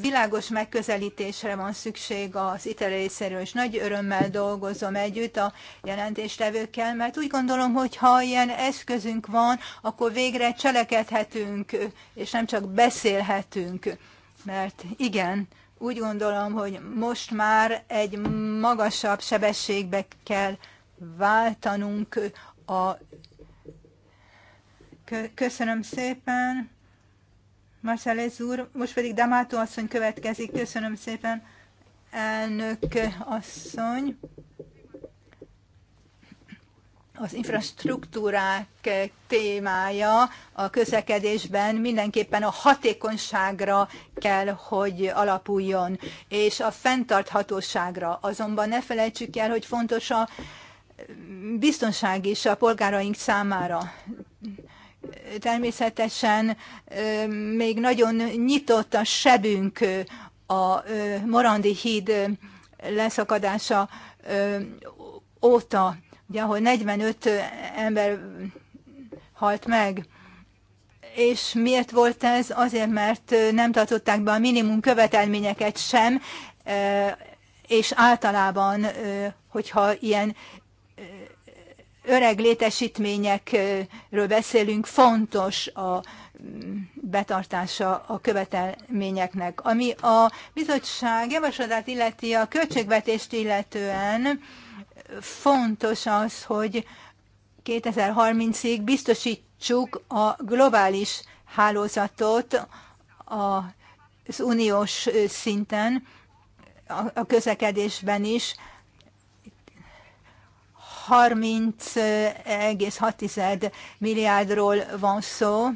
Világos megközelítésre van szükség az ITER részéről, és nagy örömmel dolgozom együtt a jelentéstevőkkel, mert úgy gondolom, hogy ha ilyen eszközünk van, akkor végre cselekedhetünk, és nem csak beszélhetünk. Mert igen, úgy gondolom, hogy most már egy magasabb sebességbe kell váltanunk a... Köszönöm szépen, Marcelez úr. Most pedig Damátó asszony következik. Köszönöm szépen, elnök asszony. Az infrastruktúrák témája a közlekedésben mindenképpen a hatékonyságra kell, hogy alapuljon, és a fenntarthatóságra. Azonban ne felejtsük el, hogy fontos a biztonság is a polgáraink számára. Természetesen még nagyon nyitott a sebünk a Morandi híd leszakadása óta, ugye, ahol 45 ember halt meg. És miért volt ez? Azért, mert nem tartották be a minimum követelményeket sem, és általában, hogyha ilyen öreg létesítményekről beszélünk, fontos a mm, betartása a követelményeknek. Ami a bizottság javaslatát illeti, a költségvetést illetően fontos az, hogy 2030-ig biztosítsuk a globális hálózatot az uniós szinten, a közlekedésben is, 30,6 milliárdról van szó,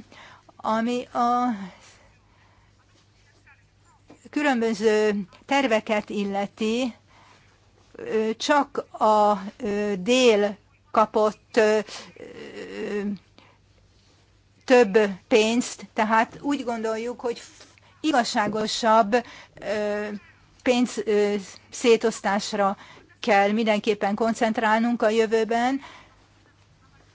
ami a különböző terveket illeti, csak a dél kapott több pénzt, tehát úgy gondoljuk, hogy igazságosabb pénz szétosztásra kell mindenképpen koncentrálnunk a jövőben,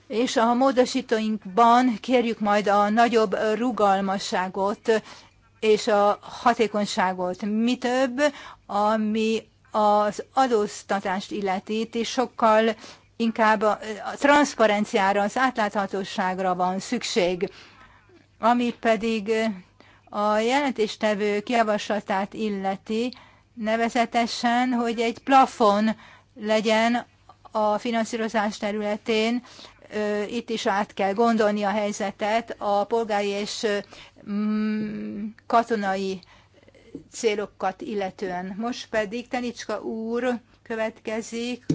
és a módosítóinkban kérjük majd a nagyobb rugalmasságot és a hatékonyságot. Mi több, ami az adóztatást illeti, és sokkal inkább a transzparenciára, az átláthatóságra van szükség, ami pedig a jelentéstevők javaslatát illeti, nevezetesen, hogy egy plafon legyen a finanszírozás területén, itt is át kell gondolni a helyzetet a polgári és mm, katonai célokat illetően. Most pedig Tenicska úr következik.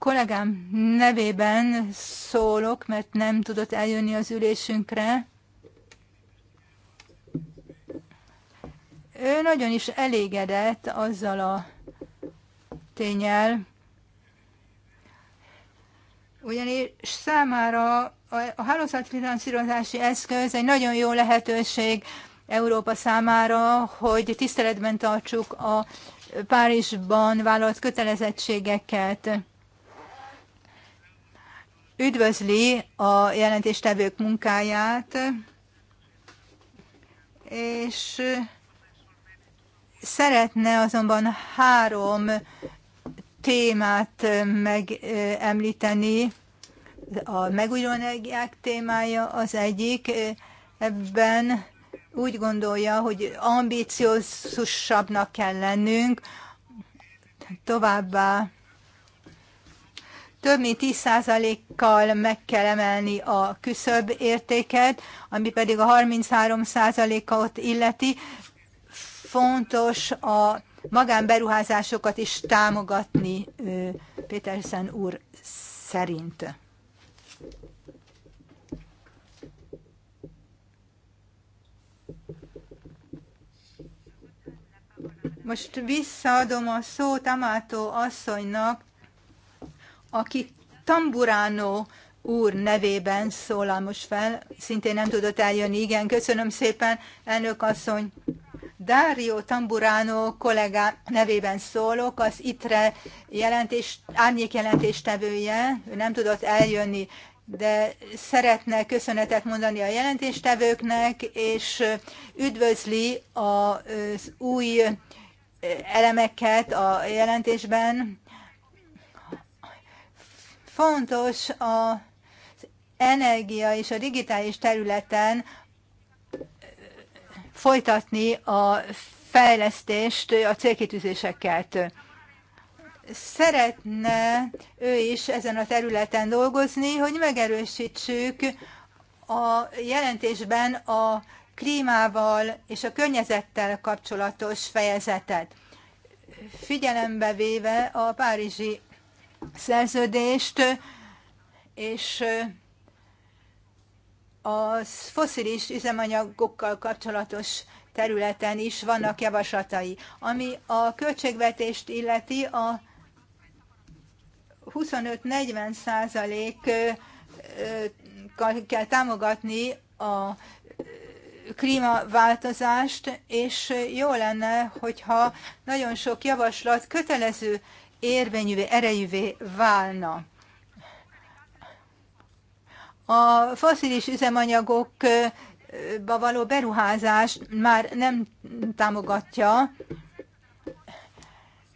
kollégám nevében szólok, mert nem tudott eljönni az ülésünkre. Ő nagyon is elégedett azzal a tényel, ugyanis számára a hálózatfinanszírozási eszköz egy nagyon jó lehetőség Európa számára, hogy tiszteletben tartsuk a Párizsban vállalt kötelezettségeket üdvözli a jelentéstevők munkáját, és szeretne azonban három témát megemlíteni. A megújuló energiák témája az egyik, ebben úgy gondolja, hogy ambiciózusabbnak kell lennünk, továbbá több mint 10%-kal meg kell emelni a küszöbb értéket, ami pedig a 33%-ot illeti. Fontos a magánberuházásokat is támogatni Pétersen úr szerint. Most visszaadom a szót Amátó asszonynak, aki Tamburano úr nevében szólal most fel, szintén nem tudott eljönni. Igen, köszönöm szépen, elnök asszony. Dario Tamburano kollégá nevében szólok, az ITRE jelentés, árnyék jelentéstevője, ő nem tudott eljönni, de szeretne köszönetet mondani a jelentéstevőknek, és üdvözli az új elemeket a jelentésben, Fontos az energia és a digitális területen folytatni a fejlesztést, a célkitűzéseket. Szeretne ő is ezen a területen dolgozni, hogy megerősítsük a jelentésben a klímával és a környezettel kapcsolatos fejezetet, figyelembe véve a Párizsi szerződést, és a foszilis üzemanyagokkal kapcsolatos területen is vannak javaslatai. Ami a költségvetést illeti, a 25-40 százalékkal kell támogatni a klímaváltozást, és jó lenne, hogyha nagyon sok javaslat kötelező érvényűvé, erejűvé válna. A foszilis üzemanyagokba való beruházás már nem támogatja,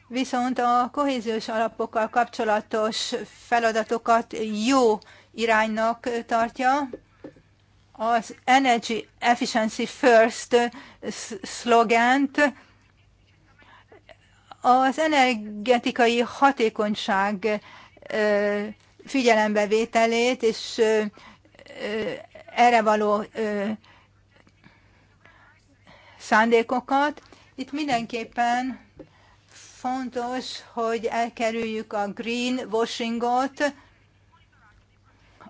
viszont a kohéziós alapokkal kapcsolatos feladatokat jó iránynak tartja. Az Energy Efficiency First szlogent az energetikai hatékonyság figyelembevételét és erre való szándékokat. Itt mindenképpen fontos, hogy elkerüljük a greenwashingot,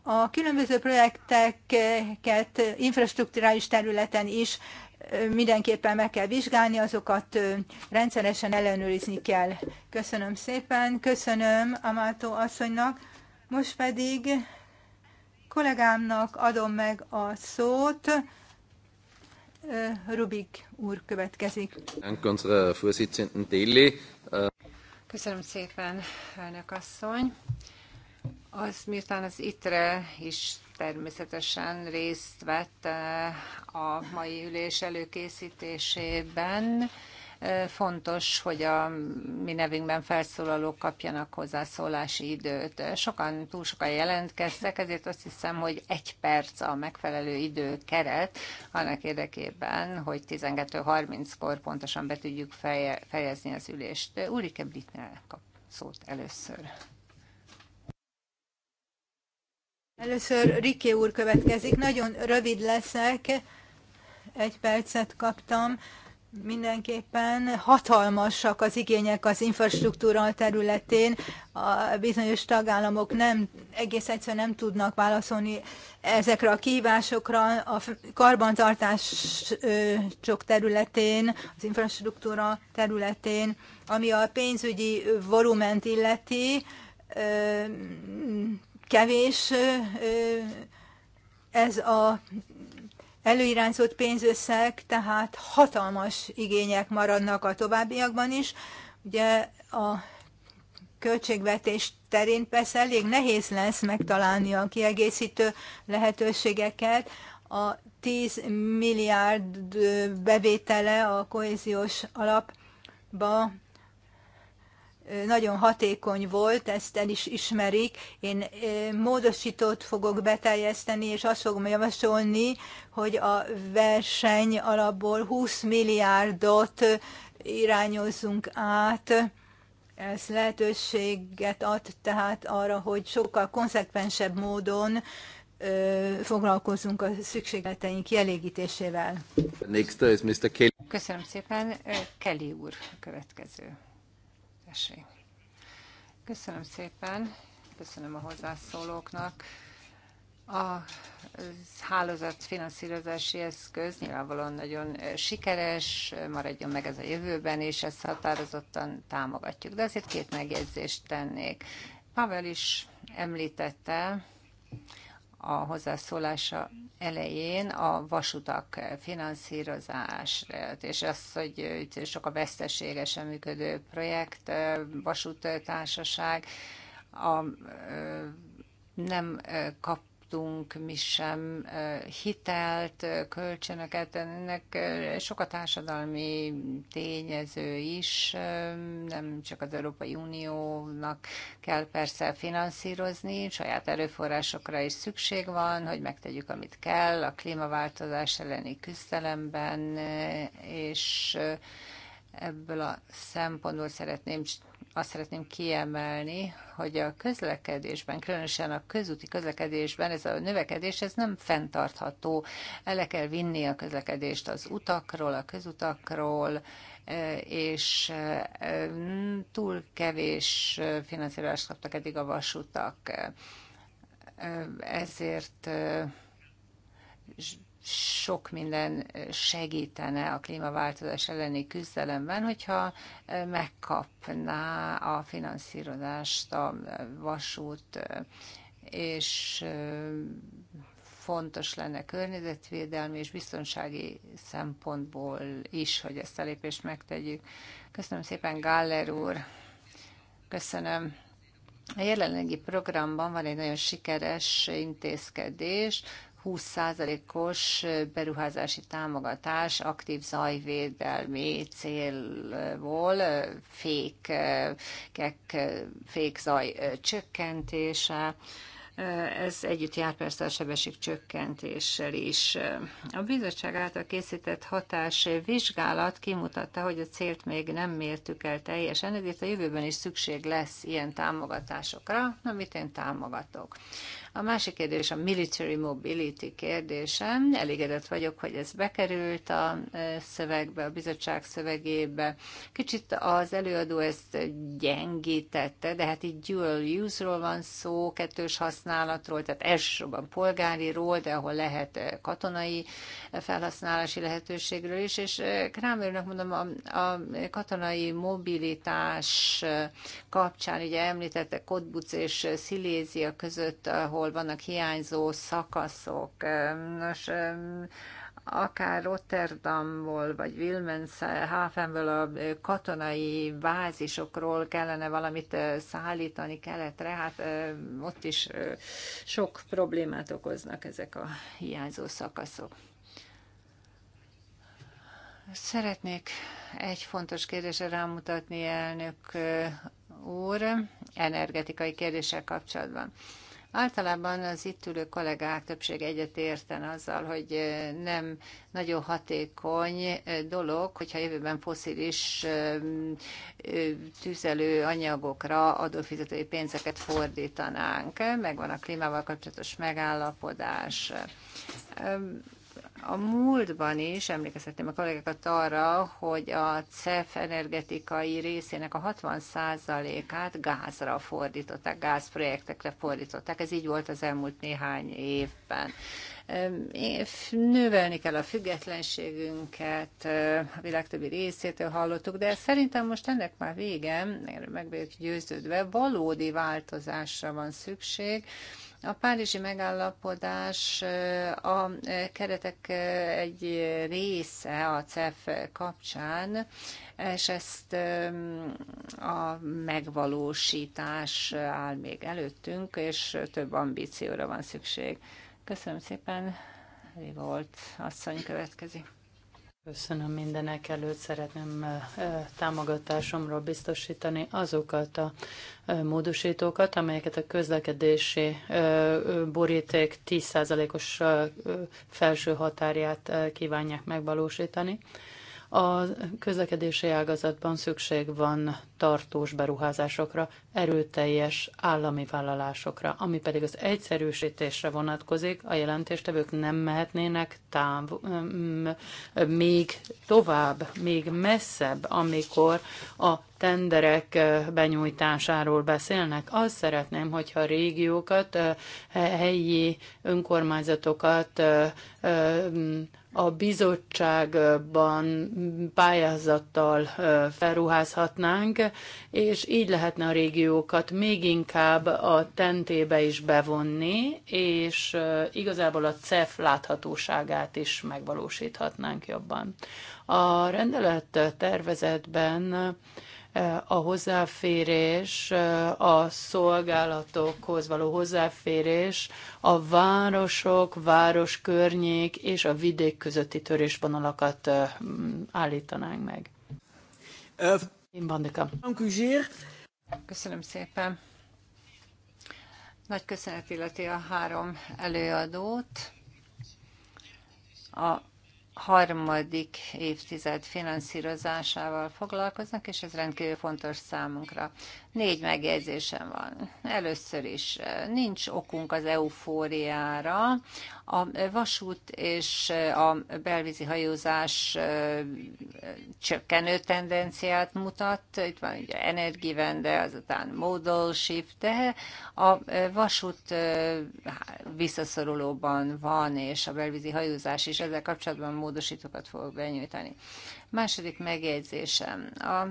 a különböző projekteket infrastruktúrális területen is mindenképpen meg kell vizsgálni, azokat rendszeresen ellenőrizni kell. Köszönöm szépen, köszönöm Amátó asszonynak. Most pedig kollégámnak adom meg a szót. Rubik úr következik. Köszönöm szépen, elnök asszony. Az, miután az ITRE is természetesen részt vett eh, a mai ülés előkészítésében. Eh, fontos, hogy a mi nevünkben felszólalók kapjanak hozzászólási időt. Eh, sokan, túl sokan jelentkeztek, ezért azt hiszem, hogy egy perc a megfelelő idő keret annak érdekében, hogy 12.30-kor pontosan be tudjuk fejezni az ülést. Ulrike Blitner kap szót először. Először Riké úr következik. Nagyon rövid leszek. Egy percet kaptam. Mindenképpen hatalmasak az igények az infrastruktúra területén. A bizonyos tagállamok nem, egész egyszerűen nem tudnak válaszolni ezekre a kívásokra. A karbantartások területén, az infrastruktúra területén, ami a pénzügyi volument illeti, kevés ez a előirányzott pénzösszeg, tehát hatalmas igények maradnak a továbbiakban is. Ugye a költségvetés terén persze elég nehéz lesz megtalálni a kiegészítő lehetőségeket. A 10 milliárd bevétele a kohéziós alapba nagyon hatékony volt, ezt el is ismerik. Én módosítót fogok beteljeszteni, és azt fogom javasolni, hogy a verseny alapból 20 milliárdot irányozzunk át. Ez lehetőséget ad tehát arra, hogy sokkal konzekvensebb módon foglalkozunk a szükségleteink kielégítésével. Köszönöm szépen. Kelly úr következő. Tessék. Köszönöm szépen, köszönöm a hozzászólóknak. A hálózat finanszírozási eszköz nyilvánvalóan nagyon sikeres, maradjon meg ez a jövőben, és ezt határozottan támogatjuk. De azért két megjegyzést tennék. Pavel is említette, a hozzászólása elején a vasutak finanszírozás, és az, hogy itt sok a veszteségesen működő projekt, vasúttársaság, a nem kap adtunk mi sem hitelt, kölcsönöket, ennek sok a társadalmi tényező is, nem csak az Európai Uniónak kell persze finanszírozni, saját erőforrásokra is szükség van, hogy megtegyük, amit kell a klímaváltozás elleni küzdelemben, és ebből a szempontból szeretném azt szeretném kiemelni, hogy a közlekedésben, különösen a közúti közlekedésben ez a növekedés, ez nem fenntartható. El kell vinni a közlekedést az utakról, a közutakról, e, és e, túl kevés finanszírozást kaptak eddig a vasutak. E, ezért sok minden segítene a klímaváltozás elleni küzdelemben, hogyha megkapná a finanszírozást a vasút, és fontos lenne környezetvédelmi és biztonsági szempontból is, hogy ezt a lépést megtegyük. Köszönöm szépen, Galler úr! Köszönöm. A jelenlegi programban van egy nagyon sikeres intézkedés, 20%-os beruházási támogatás aktív zajvédelmi célból fékek, zaj csökkentése. Ez együtt jár persze a sebesség csökkentéssel is. A bizottság által készített hatás vizsgálat kimutatta, hogy a célt még nem mértük el teljesen, ezért a jövőben is szükség lesz ilyen támogatásokra, amit én támogatok. A másik kérdés a military mobility kérdése. Elégedett vagyok, hogy ez bekerült a e, szövegbe, a bizottság szövegébe. Kicsit az előadó ezt gyengítette, de hát itt dual use-ról van szó, kettős használatról, tehát elsősorban polgáriról, de ahol lehet e, katonai e, felhasználási lehetőségről is, és Krámérnek mondom, a, a katonai mobilitás kapcsán ugye említette Kodbuc és Szilézia között, ahol ahol vannak hiányzó szakaszok. Nos, akár Rotterdamból, vagy Wilmenshafenből a katonai bázisokról kellene valamit szállítani keletre, hát ott is sok problémát okoznak ezek a hiányzó szakaszok. Szeretnék egy fontos kérdésre rámutatni, elnök úr, energetikai kérdéssel kapcsolatban. Általában az itt ülő kollégák többség egyet érten azzal, hogy nem nagyon hatékony dolog, hogyha jövőben foszilis tüzelő anyagokra adófizetői pénzeket fordítanánk. Megvan a klímával kapcsolatos megállapodás a múltban is emlékeztetném a kollégákat arra, hogy a CEF energetikai részének a 60%-át gázra fordították, gázprojektekre fordították. Ez így volt az elmúlt néhány évben. Növelni kell a függetlenségünket, a világ többi részétől hallottuk, de szerintem most ennek már vége, meg vagyok győződve, valódi változásra van szükség, a párizsi megállapodás a keretek egy része a CEF kapcsán, és ezt a megvalósítás áll még előttünk, és több ambícióra van szükség. Köszönöm szépen, Rivolt asszony következik. Köszönöm mindenek előtt. Szeretném támogatásomról biztosítani azokat a módosítókat, amelyeket a közlekedési boríték 10%-os felső határját kívánják megvalósítani. A közlekedési ágazatban szükség van tartós beruházásokra, erőteljes állami vállalásokra, ami pedig az egyszerűsítésre vonatkozik. A jelentéstevők nem mehetnének táv, mm, még tovább, még messzebb, amikor a tenderek benyújtásáról beszélnek. Azt szeretném, hogyha a régiókat, helyi önkormányzatokat a bizottságban pályázattal felruházhatnánk, és így lehetne a régiókat még inkább a tentébe is bevonni, és igazából a CEF láthatóságát is megvalósíthatnánk jobban. A rendelet tervezetben Eh, a hozzáférés, eh, a szolgálatokhoz való hozzáférés a városok, városkörnyék és a vidék közötti törésvonalakat eh, mm, állítanánk meg. Én Bandika. Köszönöm szépen. Nagy köszönet illeti a három előadót. A harmadik évtized finanszírozásával foglalkoznak, és ez rendkívül fontos számunkra. Négy megjegyzésem van. Először is eh, nincs okunk az eufóriára. A vasút és eh, a belvízi hajózás eh, csökkenő tendenciát mutat. Itt van ugye energivende, azután modal shift, de a vasút visszaszorulóban van, és a belvízi hajózás is ezzel kapcsolatban módosítókat fogok benyújtani. Második megjegyzésem. A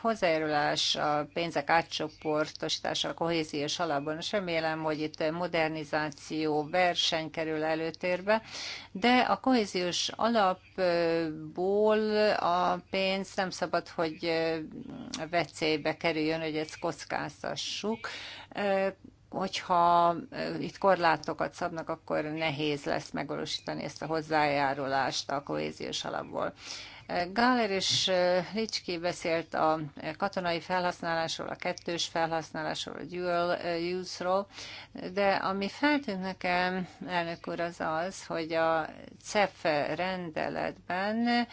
hozzájárulás, a pénzek átcsoportosítása a kohéziós alapban. És remélem, hogy itt modernizáció, verseny kerül előtérbe, de a kohéziós alapból a pénz nem szabad, hogy veszélybe kerüljön, hogy ezt kockáztassuk hogyha itt korlátokat szabnak, akkor nehéz lesz megvalósítani ezt a hozzájárulást a kohéziós alapból. Gáler és Licski beszélt a katonai felhasználásról, a kettős felhasználásról, a dual use-ról, de ami feltűnt nekem, elnök úr, az az, hogy a CEF rendeletben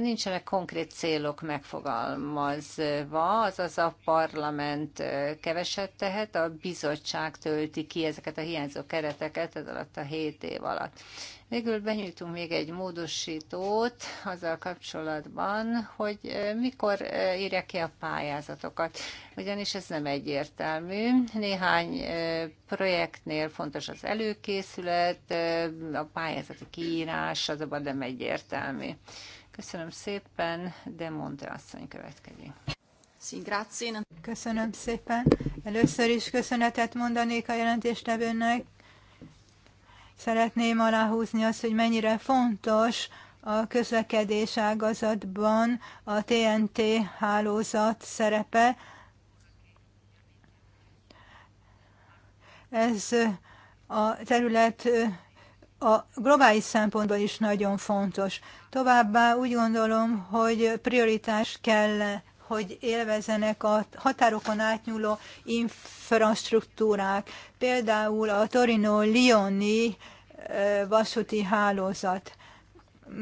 nincsenek konkrét célok megfogalmazva, azaz a parlament keveset tehet, a bizottság tölti ki ezeket a hiányzó kereteket ez alatt a 7 év alatt. Végül benyújtunk még egy módosítót azzal kapcsolatban, hogy mikor írják ki a pályázatokat, ugyanis ez nem egyértelmű. Néhány projektnél fontos az előkészület, a pályázati kiírás azonban nem egyértelmű. Köszönöm szépen, de Monte asszony következik. Köszönöm szépen. Először is köszönetet mondanék a jelentéstevőnek. Szeretném aláhúzni azt, hogy mennyire fontos a közlekedés ágazatban a TNT hálózat szerepe. Ez a terület a globális szempontból is nagyon fontos. Továbbá úgy gondolom, hogy prioritás kell, hogy élvezenek a határokon átnyúló infrastruktúrák, például a Torino-Lioni vasúti hálózat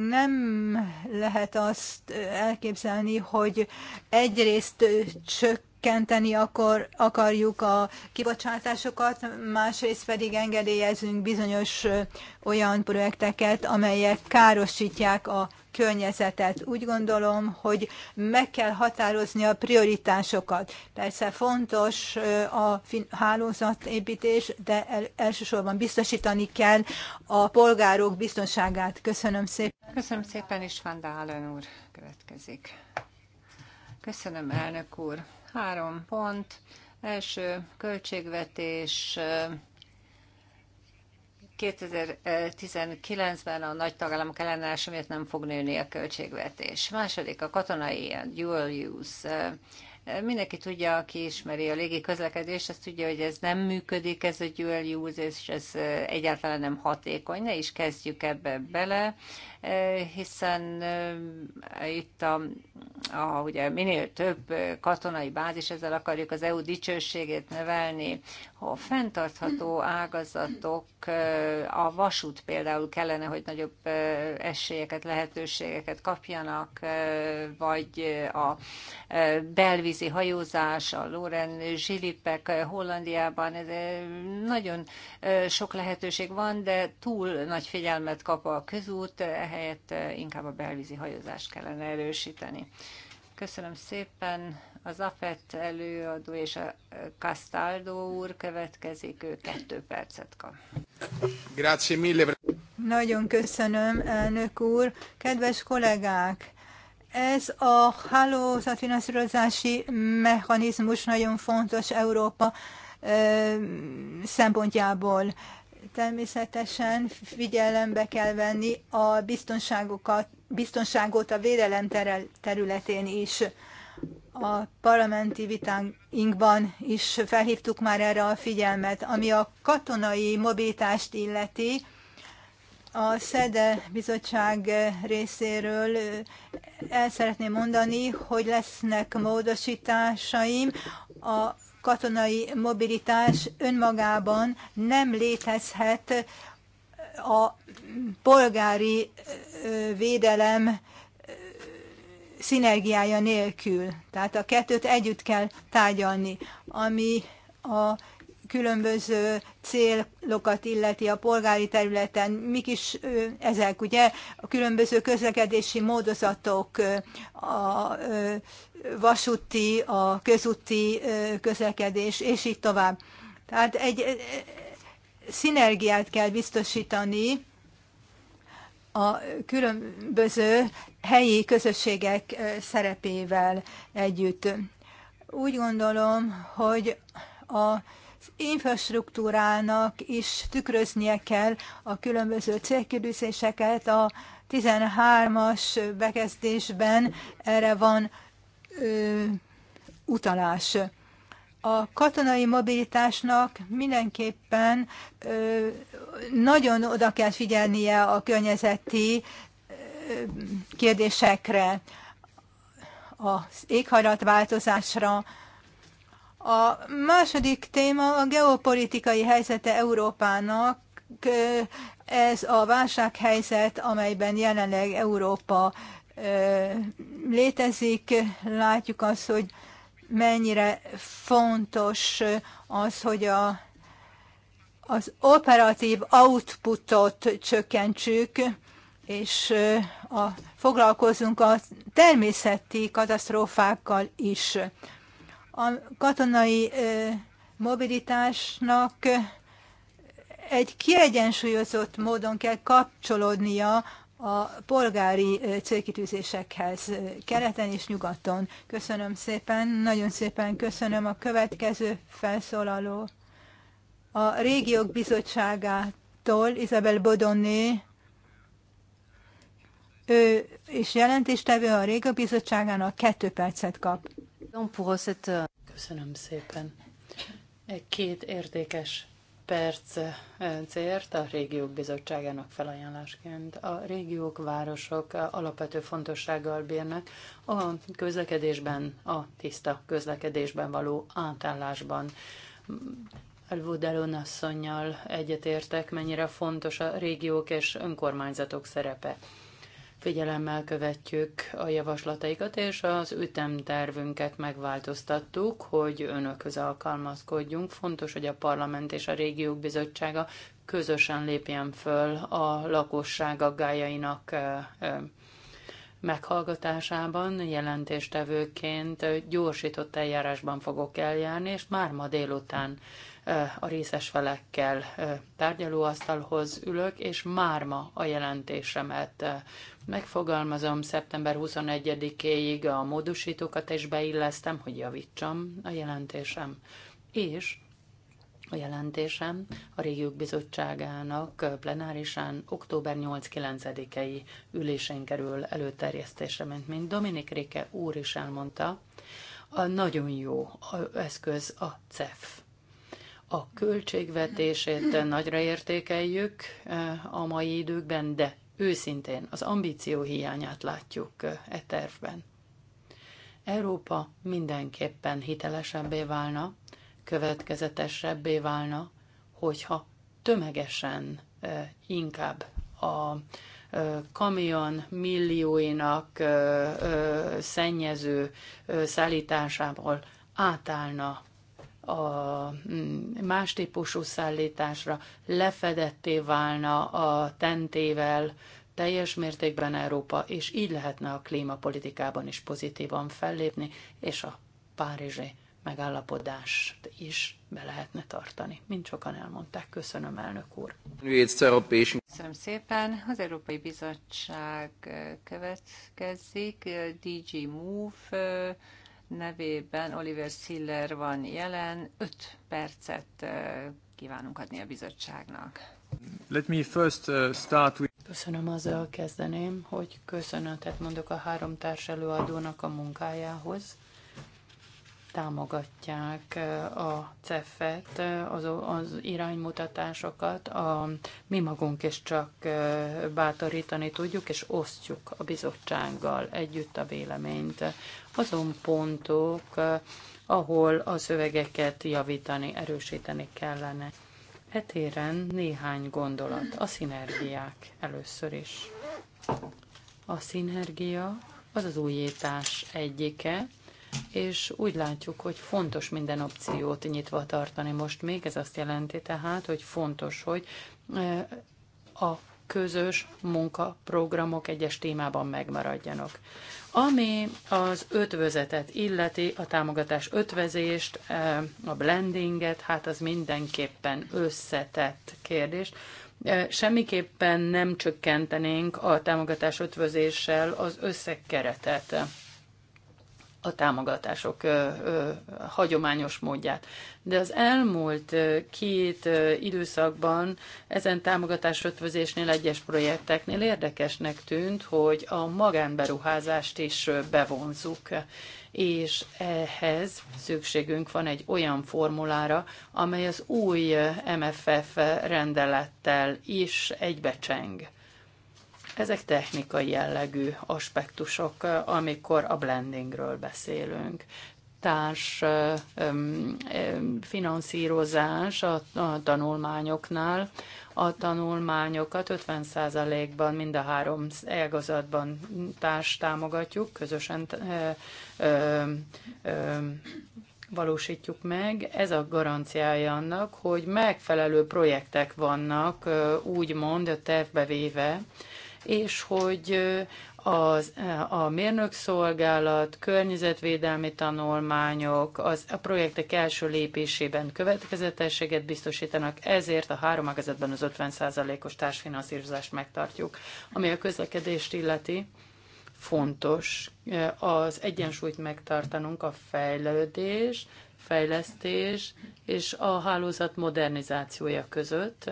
nem lehet azt elképzelni, hogy egyrészt csök, csökkenteni akkor akarjuk a kibocsátásokat, másrészt pedig engedélyezünk bizonyos olyan projekteket, amelyek károsítják a környezetet. Úgy gondolom, hogy meg kell határozni a prioritásokat. Persze fontos a hálózatépítés, de elsősorban biztosítani kell a polgárok biztonságát. Köszönöm szépen. Köszönöm szépen, és Vanda úr következik. Köszönöm, elnök úr. Három pont. Első költségvetés 2019-ben a nagy tagállamok ellenállása miatt nem fog nőni a költségvetés. Második, a katonai a dual use. Mindenki tudja, aki ismeri a légi közlekedést, azt tudja, hogy ez nem működik, ez a dual use, és ez egyáltalán nem hatékony. Ne is kezdjük ebbe bele hiszen itt a, a, ugye minél több katonai bázis, ezzel akarjuk az EU dicsőségét növelni. A fenntartható ágazatok, a vasút például kellene, hogy nagyobb esélyeket, lehetőségeket kapjanak, vagy a belvízi hajózás, a Loren Zsilipek Hollandiában, ez nagyon sok lehetőség van, de túl nagy figyelmet kap a közút, ehelyett eh, inkább a belvízi hajózást kellene erősíteni. Köszönöm szépen. Az AFET előadó és a eh, Castaldo úr következik, ő kettő percet kap. Grazie mille. Nagyon köszönöm, elnök úr. Kedves kollégák, ez a hálózatfinanszírozási mechanizmus nagyon fontos Európa eh, szempontjából. Természetesen figyelembe kell venni a biztonságokat, biztonságot a védelem területén is. A parlamenti vitáinkban is felhívtuk már erre a figyelmet. Ami a katonai mobilitást illeti, a SZEDE bizottság részéről el szeretném mondani, hogy lesznek módosításaim a katonai mobilitás önmagában nem létezhet a polgári védelem szinergiája nélkül. Tehát a kettőt együtt kell tárgyalni, ami a különböző célokat illeti a polgári területen, mik is ezek, ugye, a különböző közlekedési módozatok, a vasúti, a közúti közlekedés, és így tovább. Tehát egy szinergiát kell biztosítani a különböző helyi közösségek szerepével együtt. Úgy gondolom, hogy a infrastruktúrának is tükröznie kell a különböző célkérdéseket. A 13-as bekezdésben erre van ö, utalás. A katonai mobilitásnak mindenképpen ö, nagyon oda kell figyelnie a környezeti ö, kérdésekre, az éghajlatváltozásra, a második téma a geopolitikai helyzete Európának. Ez a válsághelyzet, amelyben jelenleg Európa létezik. Látjuk azt, hogy mennyire fontos az, hogy a, az operatív outputot csökkentsük, és a, foglalkozunk a természeti katasztrófákkal is. A katonai mobilitásnak egy kiegyensúlyozott módon kell kapcsolódnia a polgári célkitűzésekhez, keleten és nyugaton. Köszönöm szépen, nagyon szépen köszönöm a következő felszólaló. A régiók bizottságától Isabel Bodonné, ő is jelentéstevő a régiók bizottságának kettő percet kap. Euh, euh, Köszönöm szépen. Két értékes perc euh, célt a régiók bizottságának felajánlásként. A régiók, városok alapvető fontossággal bírnak a közlekedésben, a tiszta közlekedésben való átállásban. Elvodelon asszonynal egyetértek, mennyire fontos a régiók és önkormányzatok szerepe figyelemmel követjük a javaslataikat, és az ütemtervünket megváltoztattuk, hogy önökhöz alkalmazkodjunk. Fontos, hogy a parlament és a régiók bizottsága közösen lépjen föl a lakosság aggájainak meghallgatásában jelentéstevőként gyorsított eljárásban fogok eljárni, és már ma délután a részes felekkel tárgyalóasztalhoz ülök, és már ma a jelentésemet megfogalmazom. Szeptember 21-éig a módosítókat és beillesztem, hogy javítsam a jelentésem. És a jelentésem a Régiók Bizottságának plenárisán október 8 9 ei ülésén kerül előterjesztésre, mint, mint Dominik Réke úr is elmondta, a nagyon jó eszköz a CEF a költségvetését nagyra értékeljük eh, a mai időkben, de őszintén az ambíció hiányát látjuk eh, e tervben. Európa mindenképpen hitelesebbé válna, következetesebbé válna, hogyha tömegesen eh, inkább a kamion millióinak szennyező szállításából átállna a mm, más típusú szállításra, lefedetté válna a tentével teljes mértékben Európa, és így lehetne a klímapolitikában is pozitívan fellépni, és a párizsi megállapodást is be lehetne tartani, mint sokan elmondták. Köszönöm, elnök úr. Köszönöm szépen. Az Európai Bizottság következik, DG Move nevében Oliver Siller van jelen. Öt percet kívánunk adni a bizottságnak. Let me first start with... Köszönöm, azzal kezdeném, hogy köszönetet mondok a három társ előadónak a munkájához támogatják a CEF-et, az, az iránymutatásokat, a, mi magunk is csak bátorítani tudjuk, és osztjuk a bizottsággal együtt a véleményt. Azon pontok, ahol a szövegeket javítani, erősíteni kellene. Etéren néhány gondolat. A szinergiák először is. A szinergia az az újítás egyike, és úgy látjuk, hogy fontos minden opciót nyitva tartani most még. Ez azt jelenti tehát, hogy fontos, hogy a közös munkaprogramok egyes témában megmaradjanak. Ami az ötvözetet illeti, a támogatás ötvezést, a blendinget, hát az mindenképpen összetett kérdés. Semmiképpen nem csökkentenénk a támogatás ötvözéssel az összegkeretet a támogatások hagyományos módját. De az elmúlt két időszakban ezen támogatás ötvözésnél, egyes projekteknél érdekesnek tűnt, hogy a magánberuházást is bevonzuk, és ehhez szükségünk van egy olyan formulára, amely az új MFF rendelettel is egybecseng ezek technikai jellegű aspektusok, amikor a blendingről beszélünk társ finanszírozás a, a tanulmányoknál. A tanulmányokat 50%-ban mind a három ágazatban társ támogatjuk, közösen valósítjuk meg. Ez a garanciája annak, hogy megfelelő projektek vannak, úgymond tervbe véve, és hogy az, a mérnökszolgálat, környezetvédelmi tanulmányok az, a projektek első lépésében következetességet biztosítanak, ezért a három ágazatban az 50%-os társfinanszírozást megtartjuk. Ami a közlekedést illeti, fontos az egyensúlyt megtartanunk a fejlődés, fejlesztés és a hálózat modernizációja között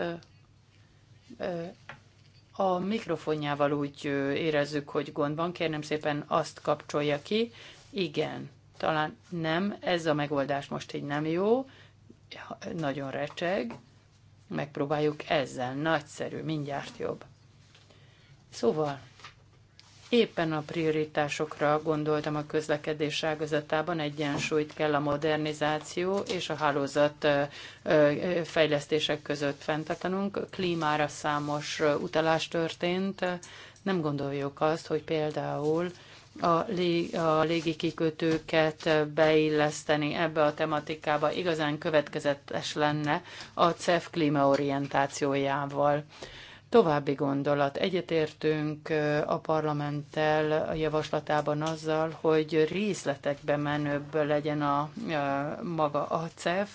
a mikrofonjával úgy érezzük, hogy gond van. Kérném szépen azt kapcsolja ki. Igen, talán nem, ez a megoldás most így nem jó. Nagyon recseg. Megpróbáljuk ezzel. Nagyszerű, mindjárt jobb. Szóval Éppen a prioritásokra gondoltam a közlekedés ágazatában, egyensúlyt kell a modernizáció és a hálózat fejlesztések között fenntartanunk. Klímára számos utalás történt. Nem gondoljuk azt, hogy például a, lég, a légikikötőket beilleszteni ebbe a tematikába igazán következetes lenne a CEF klímaorientációjával. További gondolat. Egyetértünk a parlamenttel a javaslatában azzal, hogy részletekbe menőbb legyen a, maga a CEF,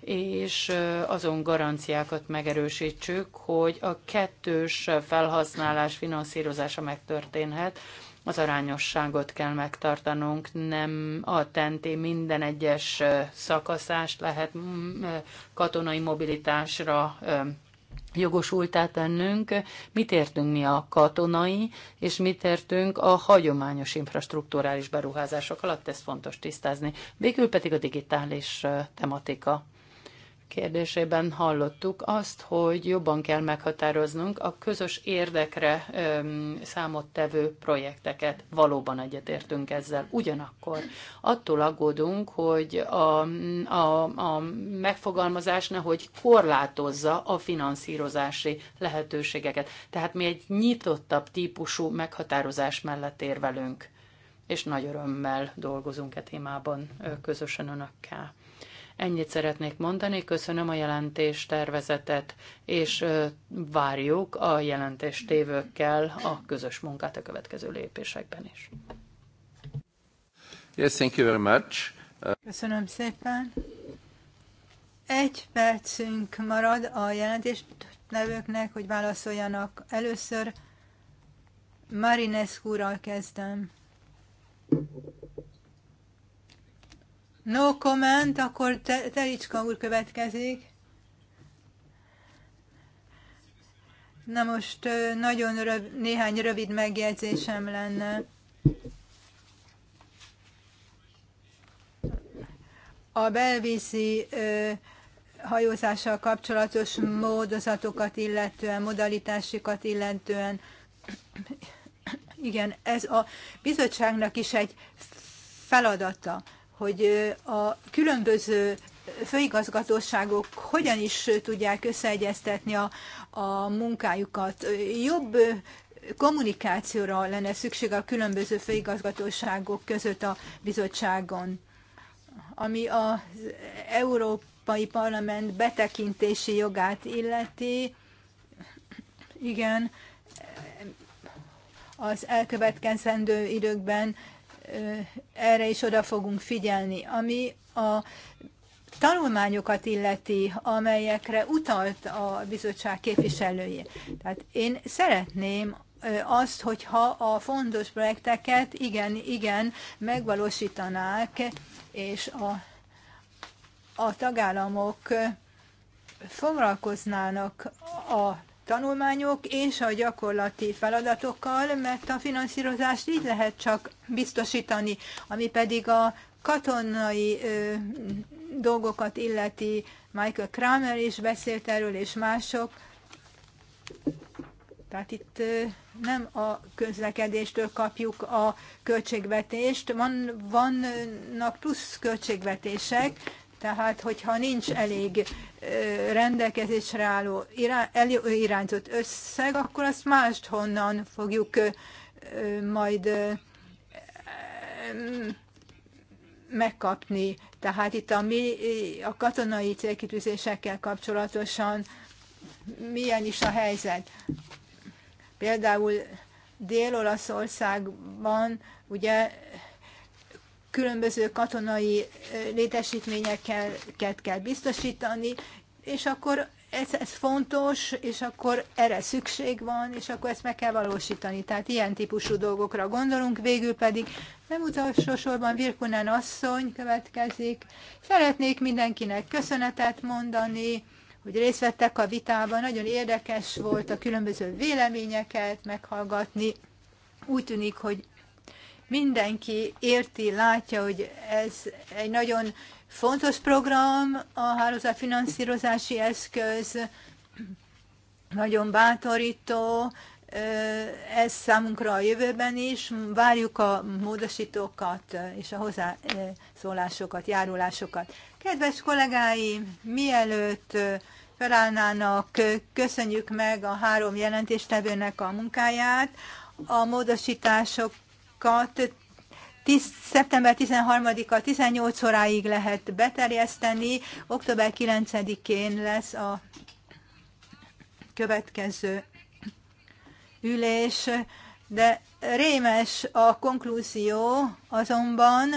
és azon garanciákat megerősítsük, hogy a kettős felhasználás finanszírozása megtörténhet, az arányosságot kell megtartanunk, nem a tenté minden egyes szakaszást lehet katonai mobilitásra jogosultá tennünk, mit értünk mi a katonai, és mit értünk a hagyományos infrastruktúrális beruházások alatt, ez fontos tisztázni. Végül pedig a digitális eh, tematika kérdésében hallottuk azt, hogy jobban kell meghatároznunk a közös érdekre öm, számottevő projekteket. Valóban egyetértünk ezzel. Ugyanakkor attól aggódunk, hogy a, a, a megfogalmazás nehogy korlátozza a finanszírozási lehetőségeket. Tehát mi egy nyitottabb típusú meghatározás mellett érvelünk és nagy örömmel dolgozunk e témában közösen önökkel. Ennyit szeretnék mondani, köszönöm a jelentés tervezetet, és várjuk a jelentéstévőkkel a közös munkát a következő lépésekben is. Yes, thank you very much. Köszönöm szépen. Egy percünk marad a jelentés jelentéstevőknek, hogy válaszoljanak. Először Marinescu-ral kezdem. No comment, akkor Telicska úr következik. Na most nagyon röv, néhány rövid megjegyzésem lenne. A belvízi ö, hajózással kapcsolatos módozatokat illetően, modalitásikat illetően, igen, ez a bizottságnak is egy feladata, hogy a különböző főigazgatóságok hogyan is tudják összeegyeztetni a, a munkájukat. Jobb kommunikációra lenne szükség a különböző főigazgatóságok között a bizottságon, ami az Európai Parlament betekintési jogát illeti. Igen, az elkövetkezendő időkben erre is oda fogunk figyelni. Ami a tanulmányokat illeti, amelyekre utalt a bizottság képviselője. Tehát én szeretném azt, hogyha a fontos projekteket igen, igen megvalósítanák, és a, a tagállamok foglalkoznának a tanulmányok és a gyakorlati feladatokkal, mert a finanszírozást így lehet csak biztosítani, ami pedig a katonai ö, dolgokat illeti. Michael Kramer is beszélt erről, és mások. Tehát itt nem a közlekedéstől kapjuk a költségvetést, Van, vannak plusz költségvetések, tehát, hogyha nincs elég rendelkezésre álló irányzott összeg, akkor azt mást honnan fogjuk majd megkapni. Tehát itt a, mi, a katonai célkitűzésekkel kapcsolatosan milyen is a helyzet. Például Dél-Olaszországban ugye különböző katonai létesítményeket kell biztosítani, és akkor ez, ez fontos, és akkor erre szükség van, és akkor ezt meg kell valósítani. Tehát ilyen típusú dolgokra gondolunk, végül pedig nem utolsó sorban Virkunen asszony következik. Szeretnék mindenkinek köszönetet mondani, hogy részt vettek a vitában, nagyon érdekes volt a különböző véleményeket meghallgatni. Úgy tűnik, hogy mindenki érti, látja, hogy ez egy nagyon fontos program, a hálózatfinanszírozási eszköz, nagyon bátorító, ez számunkra a jövőben is. Várjuk a módosítókat és a hozzászólásokat, járulásokat. Kedves kollégái mielőtt felállnának, köszönjük meg a három jelentéstevőnek a munkáját. A módosítások programokat szeptember 13-a 18 óráig lehet beterjeszteni, október 9-én lesz a következő ülés, de rémes a konklúzió azonban,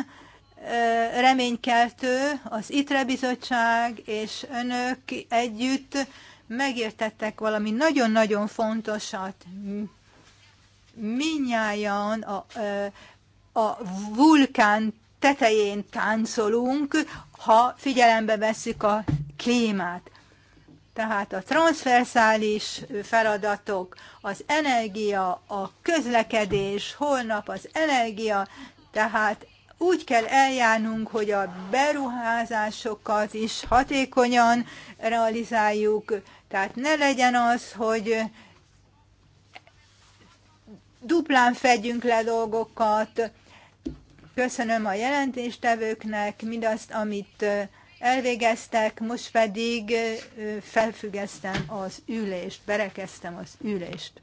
reménykeltő, az ITRE bizottság és önök együtt megértettek valami nagyon-nagyon fontosat minnyáján a, a vulkán tetején táncolunk, ha figyelembe vesszük a klímát. Tehát a transverszális feladatok, az energia, a közlekedés, holnap az energia, tehát úgy kell eljárnunk, hogy a beruházásokat is hatékonyan realizáljuk, tehát ne legyen az, hogy duplán fedjünk le dolgokat. Köszönöm a jelentéstevőknek mindazt, amit elvégeztek, most pedig felfüggesztem az ülést, berekeztem az ülést.